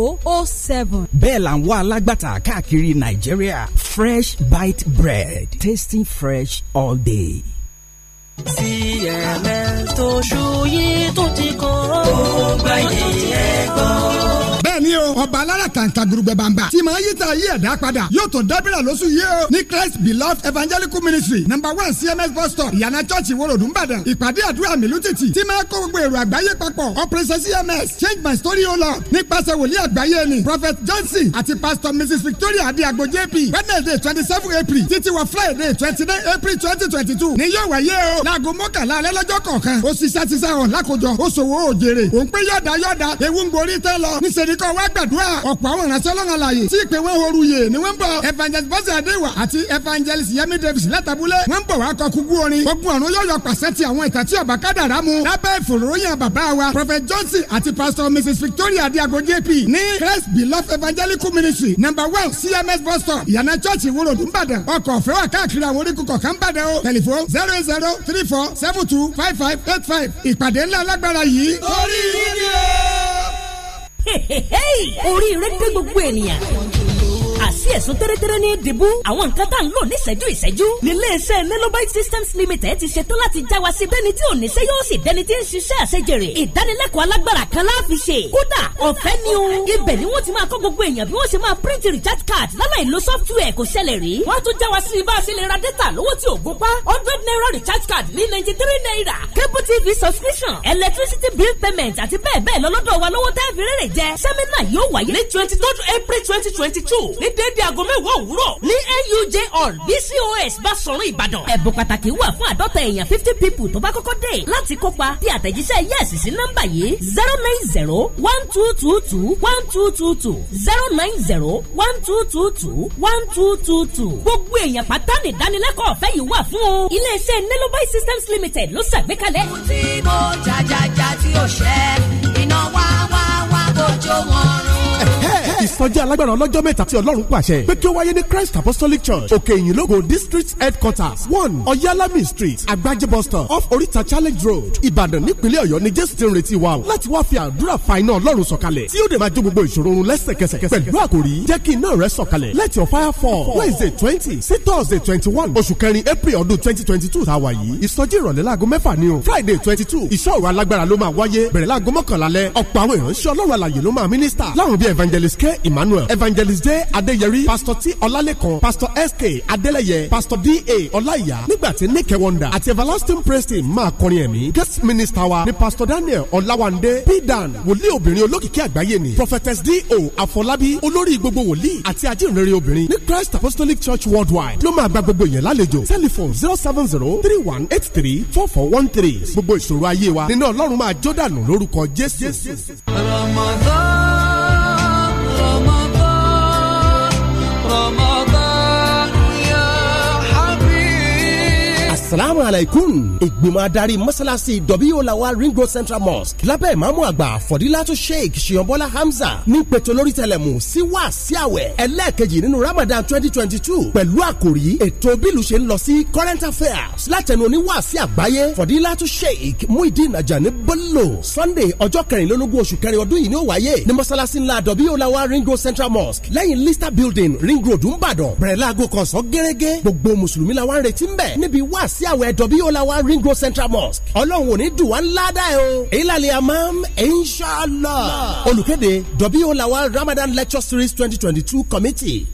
zero oh seven. bẹ́ẹ̀ là ń wá alágbàtà káàkiri nàìjíríà fresh bite bread tasting fresh all day. cms tó ṣú yìí tó ti kọ́ ó gbà yìí ẹ̀gbọ́n bẹ́ẹ̀ ni o ọba alára kàńtà gùrùgbẹ̀ bàǹbà tí màá yí ta yí ẹ̀dá padà yóò tó dábìrà lóṣù yìí o ní Christ Beloved Evangelical Ministry number one CMS bus stop ìyànà church ìwòròdú ńbàdàn ìpàdé àdúrà mi lùtìtì tí máa kó gbogbo èrò àgbáyé papọ̀ operation CMS change my story o lord nípasẹ̀ wòlíì àgbáyé ni prophet Johnson àti pastor Mrs Victoria Adiago JP Wednesday twenty seven April títí wọ Friday twenty nine April twenty twenty two ni yóò wáyé o láago mọ́kànlá alẹ́ lọ́jọ́ kọ̀ọ̀kan ó ṣiṣẹ́ ṣiṣẹ́ hàn máa wá gbàdúrà ọ̀pọ̀ àwọn ìránṣẹ́ lọ́nà láàyè tí ìpè wọn ooru yè ni wọ́n ń bọ̀ evangelist bọ́sẹ̀ adéwà àti evangelist yẹmi davis látàbúlé wọ́n ń bọ̀ wá kọ kúkú orin ogun ọ̀run yóò yọ pàṣẹ ti àwọn ìtàn tí ọ̀bà kádàrá mu lábẹ́ ìfòròyìn bàbá wa prophet johnson àti pastor mrs victoria diago jp ní christ beloved evangelical ministry number one cms bus stop ìyànà church ìwòrò nìbàdàn ọkọ̀ ọ̀fẹ́ wà káàkiri àwọn oríkùkọ̀ kan bàdàn o tẹlifon zero eight zero three four seven two five five eight five ìpàdé ńlá alágbára yìí. orí yìí ni o oríire dé gbogbo ènìyàn àṣì èso tẹ́rẹ́tẹ́rẹ́ ní ìdìbò àwọn nǹkan tá à ń lò ní ìṣẹ́jú ìṣẹ́jú níléeṣẹ́ nelobite systems limited ti ṣetán láti já wa sí bẹ́ni tí ò níṣẹ́ yóò sì dẹni tí ń ṣiṣẹ́ àṣejèrè ìdánilẹ́kọ̀ọ́ alágbára kan láàfin ṣe kódà ọ̀fẹ́ ni o ibẹ̀ ni wọ́n ti máa kọ́ gbogbo èèyàn bí wọ́n ṣe máa print recharge card láláì lo software kò ṣẹlẹ̀ rí wọ́n tún já wa sí ibà ṣe lè ra data lówó tí hundred naira recharge card ní ninety three naira cable tv subscription electricity bill payment àti bẹ́ẹ̀ bẹ́ẹ̀ lọ́lọ́dọ̀ wa lọ́wọ́ tẹ́ẹ̀ fi rẹ́rẹ̀ jẹ sẹ́mínà yóò wáyé twenty two april twenty twenty two déédéé aago mẹ́wàá òwúrọ̀ ní nuj hall bcos Basọ̀run Ìbàdàn. ẹ̀bùn pàtàkì wà fún àádọ́ta èèyàn fifty people tó bá kọ́kọ́ dé láti kópa bí àtẹ̀jíṣẹ́ yẹ́ẹ̀sì sí nọ́mbà yìí zero nine zero one two two two one two two two zero nine zero one two two two one two two two. gbogbo èèyàn pátá ní ìdánilẹ́kọ̀ọ́ ọ̀fẹ́ yìí wà fún o. iléeṣẹ́ nelobai systems limited ló ṣàgbékalẹ̀. mo ti mo jajaja tí ó ṣe iná wá wá wá bójú wọn rọ ìsọjí alágbára ọlọ́jọ́ mẹ́ta tí ọlọ́run pàṣẹ pé kí ó wáyé ní Christ Apostolic Church òkè ìyìnlógo district headquarters one Oyalami street agbájé bus stop off oríta challenge road Ìbàdàn nípínlẹ̀ Ọ̀yọ́ ni Jésù ti ń retí wa o láti wá fi àdúrà fa iná ọlọ́run sọ̀kalẹ̀ tí yóò dé máa jó gbogbo ìṣòro oorun lẹ́sẹ̀kẹsẹ̀ pẹ̀lú àkòrí jẹ́ kí iná rẹ̀ sọ̀kalẹ̀ let your fire fall Wednesday twenty sí Thursday twenty one oṣù April ọdún twenty twenty two tá a wà yìí ìsọjí ìrọ̀lẹ́ láago Friday twenty two ìṣòro alágbára ló máa wáyé bẹ̀rẹ̀ láago mọ́kànlá lẹ́ ọ̀pọ̀ àwọn ìránṣẹ́ ọlọ́run àlàyé ló máa mínísítà emmanuel evangelist j adeyeri pastor t ọlálẹ́kan pastor sk adeleye pastor da ọláìyá nígbàtí nike wonder àti everlasting praise team máa kọrin ẹ̀mí guest minister wa ni pastor daniel ọláwándé p dan wòlíì obìnrin olókìkí àgbáyé ni prophetess do Afolabi, olórí gbogbo wòlíì àti ajínrere obìnrin ní christ apostolic church worldwide ló máa gba gbogbo èèyàn lálejò telephone zero seven zero three one eight three four four one three gbogbo ìṣòro ayé wa nínú ọlọ́run máa jó dànù lórúkọ jésù. ramadan. asalaamu alaykum ìgbìmọ̀ adarí mọ́sálásí wlawa ring road central mosque lábẹ́ ìmáàmù àgbà fọdílátó sheikh ṣiyọ̀bọ́lá hamza ní pẹ̀tọ́ lórí tẹlẹ̀mù sí wá sí àwẹ̀ ẹlẹ́ẹ̀kejì nínú ramadan twenty twenty two pẹ̀lú àkòrí ètò bílù ṣe ń lọ sí current affairs látẹnu oníwàásí àgbáyé fọdílátó sheikh muhyiddin ajani bello sunday ọjọ́ kẹrìnlélógún oṣù kẹrin ọdún yìí ni ó wáyé ní mọ́sálásí ńlá wlawa ring road central mosque lẹ́yìn lista building ring road ńbàdàn bẹ̀rẹ̀ láago kan sọ gẹ́gẹ́ gbogbo mùsùlùmí la wá ń sí àwẹ̀ ẹ̀dọ̀ bí yóò la wa ring central mosque ọlọ́run ò ní dùn wá ńlá dá ẹ o ìlàlẹ̀ amam inshallah olùkéde dọ̀bí yóò la wa ramadan lecture series twenty twenty two committee.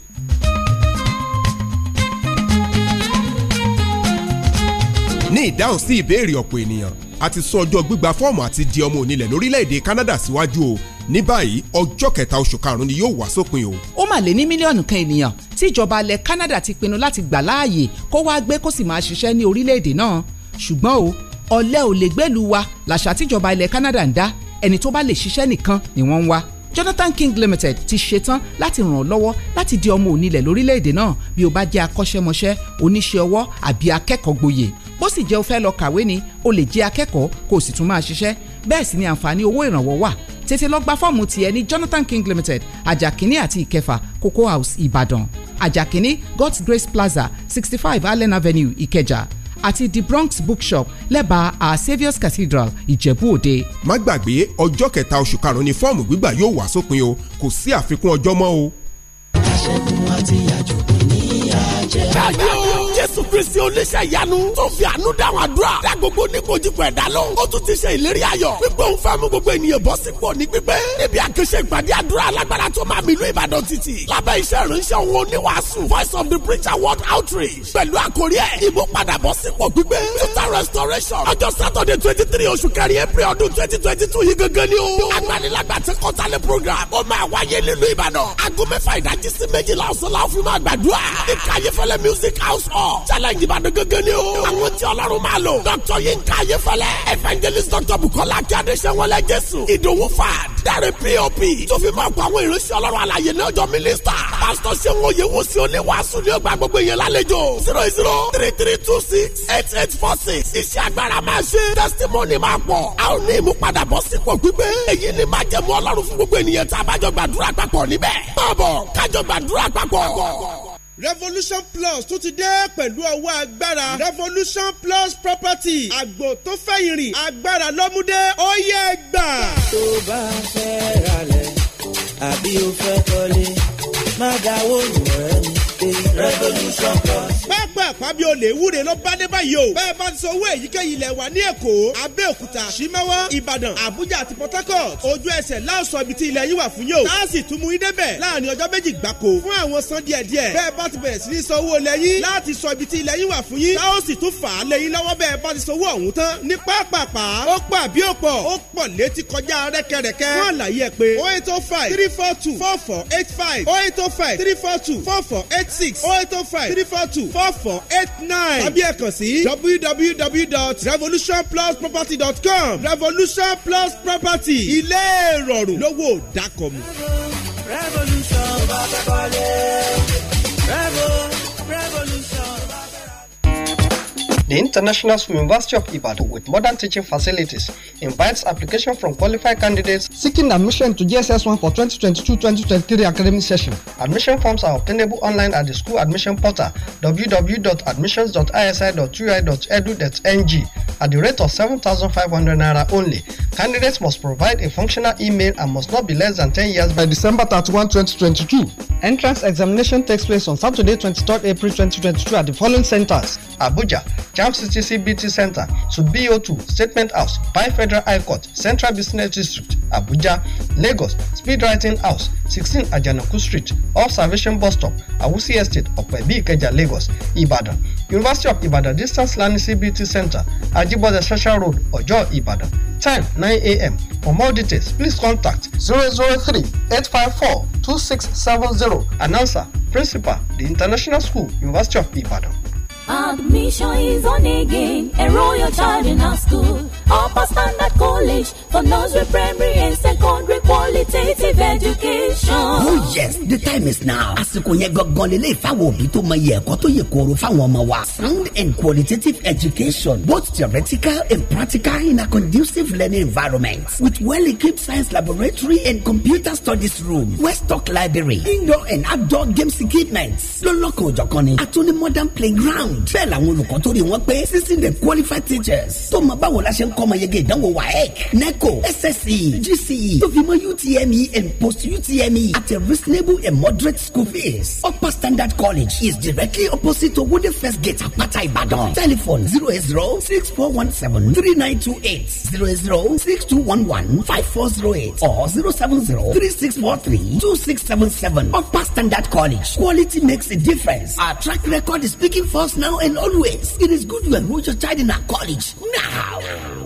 ní ìdáhùn sí ìbéèrè ọ̀pọ̀ ènìyàn a ti sọ ọjọ́ gbígba fọ́ọ̀mù àti di ọmọ onílẹ̀ lórílẹ̀‐èdè Canada síwájú o ní báyìí ọjọ́ kẹta oṣù karùn-ún ni yóò wá sópin o. ó mà lé ní mílíọ̀nù kan ènìyàn tí ìjọba ilẹ̀ Canada ti pinnu láti gbà láàyè kó wá gbé kó sì máa ṣiṣẹ́ ní orílẹ̀-èdè náà ṣùgbọ́n o ọ̀lẹ ò lè gbẹ́lu wa làṣà tíjọba ilẹ̀ Canada ń dá ẹni tó bá lè ṣiṣẹ́ nìkan ni wọ́n ń wá Jonathan King Limited ti ṣetán láti ràn ọ́ lọ́wọ́ láti di ọmọ onílẹ̀ lórílẹ̀‐èdè náà bí o bá jẹ́ akọ́ṣẹ́mọṣẹ́ oníṣẹ́ ọwọ́ àbí akẹ́kọ̀ọ́ gboyè bó sì jẹ́ o fẹ́ lọ kàwé ni o lè jẹ́ akẹ́kọ̀ọ́ kó o sì tún máa ṣiṣẹ́ bẹ́ẹ̀ sì ni àǹfààní owó ìrànwọ́ wà tètè lọ gba fọ́ọ̀mù tiẹ̀ ní Jonathan King Limited ajakini àti ìkẹfà Cocoa House Ìbàdàn ajakini God's Grace Plaza sixty five Allen Avenue Ikeja. àti the Bronx Bookshop lẹ́bàá our Saviour's Cathedral Ìjẹ̀bú-Òde. má gbàgbé ọjọ́ kẹta oṣù karùn-ún ni fọ́ọ̀mù gbígbà yóò wá sópin o kò sí àfikún ọjọ́ mọ́ o. ṣẹ́gun àti àjòkú ní àjẹ́ kristi oníṣẹ́ ìyanu tó fi àánú dáhùn àdúrà dá gbogbo oníkojúkọ ẹ̀dá lọ. ó tún ti ṣe ìlérí ayọ̀ wípé òun fẹ́ mú gbogbo ènìyàn bọ́ sípò ní pípẹ́. níbi àkẹ́ṣe ìpàdé àdúrà alágbára tó máa mi ìlú ìbàdàn títì lábẹ́ iṣẹ́ ìrìnsẹ̀ òun oníwàásù voice of the preacher world outreach pẹ̀lú àkórí ẹ̀ ìmúpadàbọ̀ sípò gbígbé total restoration ọjọ́ saturday twenty three oṣù kẹrin april ọdún twenty twenty two yìí gangan ni o. agbanilagbà ti kọ́tàlẹ̀ program ó máa wáyé nílùú ìbàdàn aago mẹ́fà ìdájí sí méjìlá ọ̀sán la ó fi máa music house hall ìṣẹ̀lẹ̀ ìjìbàdàn gẹ́gẹ́ ni o. àwọn tí ọlọ́run máa lò. dr yinka ayefẹlẹ evangelist dr bukola akíade sẹwọlẹ jésù ìdòwú fad dáre pop tó máa kó àwọn ìránṣẹ́ ọlọ́run àlàyé ní ọjọ́ mínísítà pásítọ̀ sẹ́wọ̀n òye wo sí olé wàásù ní ọgbà gbogbo yẹn lálejò zero zero three three two six eight eight four six iṣẹ́ agbára máa ṣe testimony máa pọ̀ a ò ní ìmúpadàbọ̀ sípò gbígbé èyí ni máa jẹ́ mú ọlọ́run fún gbogbo ènìyàn tá a bá jọ gbàdúrà papọ̀ níbẹ̀ báàbọ̀ kájọ gbàdúrà papọ̀ revolution plus tún ti dé pẹ̀lú ọwọ́ agbára revolution plus property àgbò tó fẹ́ ìrìn agbára lọ́múdé ó yẹ gbà. tó bá fẹ́ ralẹ̀ àbí o fẹ́ kọ́lé má dáwọ́ lù ẹ́ pé revolution plus. pápá àpábí olè wúre ló bá dé báyìí o. bẹ́ẹ̀ bá ń san owó èyíkéyìí ilẹ̀ wa ní èkó abẹ́òkúta simawa ìbàdàn àbújá àti port harcourt ojú ẹsẹ̀ láòsàn ibi tí ilẹ̀ yín wà fún yóò. láàsì tún mú idẹ́ bẹ̀ láàrin ọjọ́ méjì gbáko fún àwọn san díẹ̀ díẹ̀. bẹ́ẹ̀ bá ti bẹ̀rẹ̀ sí ní san owó ilẹ̀ yín láti sọ ibi tí ilẹ̀ yín wà fún yín. láòsì tún fà á lẹ́yìn lọ́wọ́ bẹ́ẹ̀ ti sanwó ọ̀hún tán ní pápápá ó pọ̀ àbí ó pọ̀ ó pọ̀ létí kọjá rẹ́kẹrẹ́kẹ́. fún àlàyé ẹ pé oh eight oh five three four two four four eight five oh, oh oh eight oh five three four two four four eight nine tàbí ẹ kàn sí www.revolutionplusproperty.com revolution plus property ilé ìrọ̀rùn lówó dákọ̀mù. revolution bá fẹ́ kọ́lé revolution. The International University of Ibadan, with modern teaching facilities, invites application from qualified candidates seeking admission to JSS1 for 2022-2023 academic session. Admission forms are obtainable online at the school admission portal www.admissions.isi.ui.edu.ng at the rate of 7,500 naira only. Candidates must provide a functional email and must not be less than 10 years by December 31, 2022. Entrance examination takes place on Saturday, 23rd April 2022 at the following centers: Abuja, Camp City CBT Center to BO2 Statement House, Pine Federal High Court, Central Business District, Abuja, Lagos, Speed Writing House, 16 Ajanaku Street, Observation Bus Stop, Awusi Estate, Ọ̀pẹ̀bí Ìkẹjà, Lagos, Ibadan University of Ibadan Distance Learning CBT Center, Ajibode Social Road, Ojo Ibadan. Time 9 a.m. For more details, please contact 003 854 2670. Announcer, Principal, The International School, University of Ibadan. Admission is on again. Enroll your child in our school. Upper Standard College for nursery, primary, and secondary qualitative education. Oh yes, the time is now. Àsìkò yẹn gangan lélẹ̀ ìfáwọn òbí tó mọ koto yẹ kóró fáwọn ọmọ wa. Sound and qualitative education, both theoretical and practical in a conducive learning environment with well-equipped science laboratory and computer studies room, Westock library, indoor and outdoor games equipment. Lọ́lọ́kan òjọ̀kan ni, àtúní modern playground márùndínlógójì bẹ́ẹ̀ làwọn olùkọ́ tó rí wọn pé sixteen de qualified teachers tó mọ báwo la ṣe ń kọ́ ọmọ yege ìdánwò waec neco sse gce tó fi mọ utme and post utme at a reasonable and moderate school fees upper standard college is directly opposite to wode first gate apata ibadan telephone zero eight zero six four one seven three nine two eight zero eight zero six two one one five four zero eight or zero seven zero three six four three two six seven seven upper standard college quality makes a difference our track record is speaking for us now. now and always. It is good you enroll your child in a college now.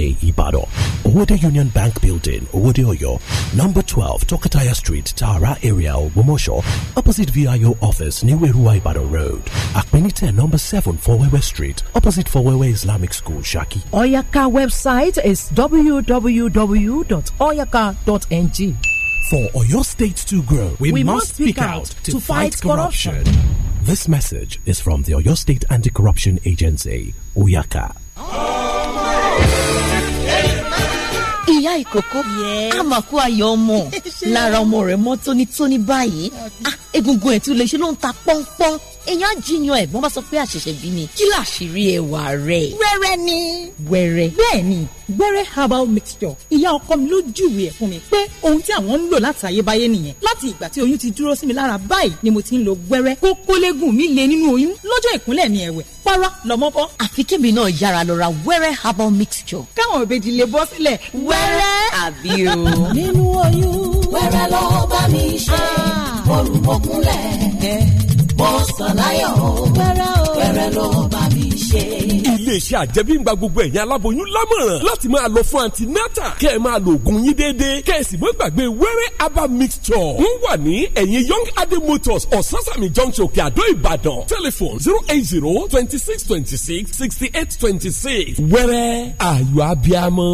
Ibadan. Owode Union Bank Building, Owode Oyo. Number 12, Tokataya Street, Tara area, Womosho. Opposite VIO office, New Ibadan Road. Akpenite, number 7, Fowewe Street. Opposite Fowewe Islamic School, Shaki. Oyaka website is www.oyaka.ng. For Oyo State to grow, we, we must speak out to, fight, fight corruption. corruption. This message is from the Oyo State Anti Corruption Agency, Oyaka. Oh ìyá ìkókó àmàkù ayọ̀ ọmọ lára ọmọ rẹ̀ mọ́ tónítóní báyìí egungun ẹ̀ tí o lè ṣe ló ń ta pọ́npọ́n èèyàn jiyan ẹ̀gbọ́n bá sọ pé àṣẹ̀ṣẹ̀ bí ni kí làṣírí ẹwà rẹ̀. wẹ́rẹ́ ni. wẹ́rẹ́. bẹ́ẹ̀ ni herbal mixture ìyá ọkọ mi ló júwèé ẹ̀ fún mi pé ohun tí àwọn ń lò láti àyébáyé nìyẹn láti ìgbà tí oyún ti dúró sí mi lára báyìí ni mo ti ń lo wẹ́rẹ́ kókólégùn mi lè nínú oyún lọ́jọ́ ìkúnlẹ̀ mi ẹ̀wẹ̀ para lọ́mọ bọ́. àfi kébì náà yára lọ ra wẹ́rẹ́ herbal mixture. káwọn òbejì lè bọ́ sílẹ̀ wẹ́rẹ́. àbí o. nínú oyún wẹ́rẹ́ lọ kúnlẹ̀ mọ́sàláyọ̀ pẹ̀rẹ̀ ló bá mi ṣe. iléeṣẹ́ àjẹmíngba gbogbo ẹ̀yin aláboyún lámọ̀ràn láti máa lọ fún antinata kẹ́ ẹ máa lo oògùn yín déédéé kẹ́ ẹ sì mọ́ gbàgbé wẹ́rẹ́ herbal mixture. wọ́n wà ní ẹ̀yìn young adé motors ososani junction òkè àdó ìbàdàn telephone zero eight zero twenty six twenty six sixty eight twenty six wẹ́rẹ́ ayọ̀ abiamọ.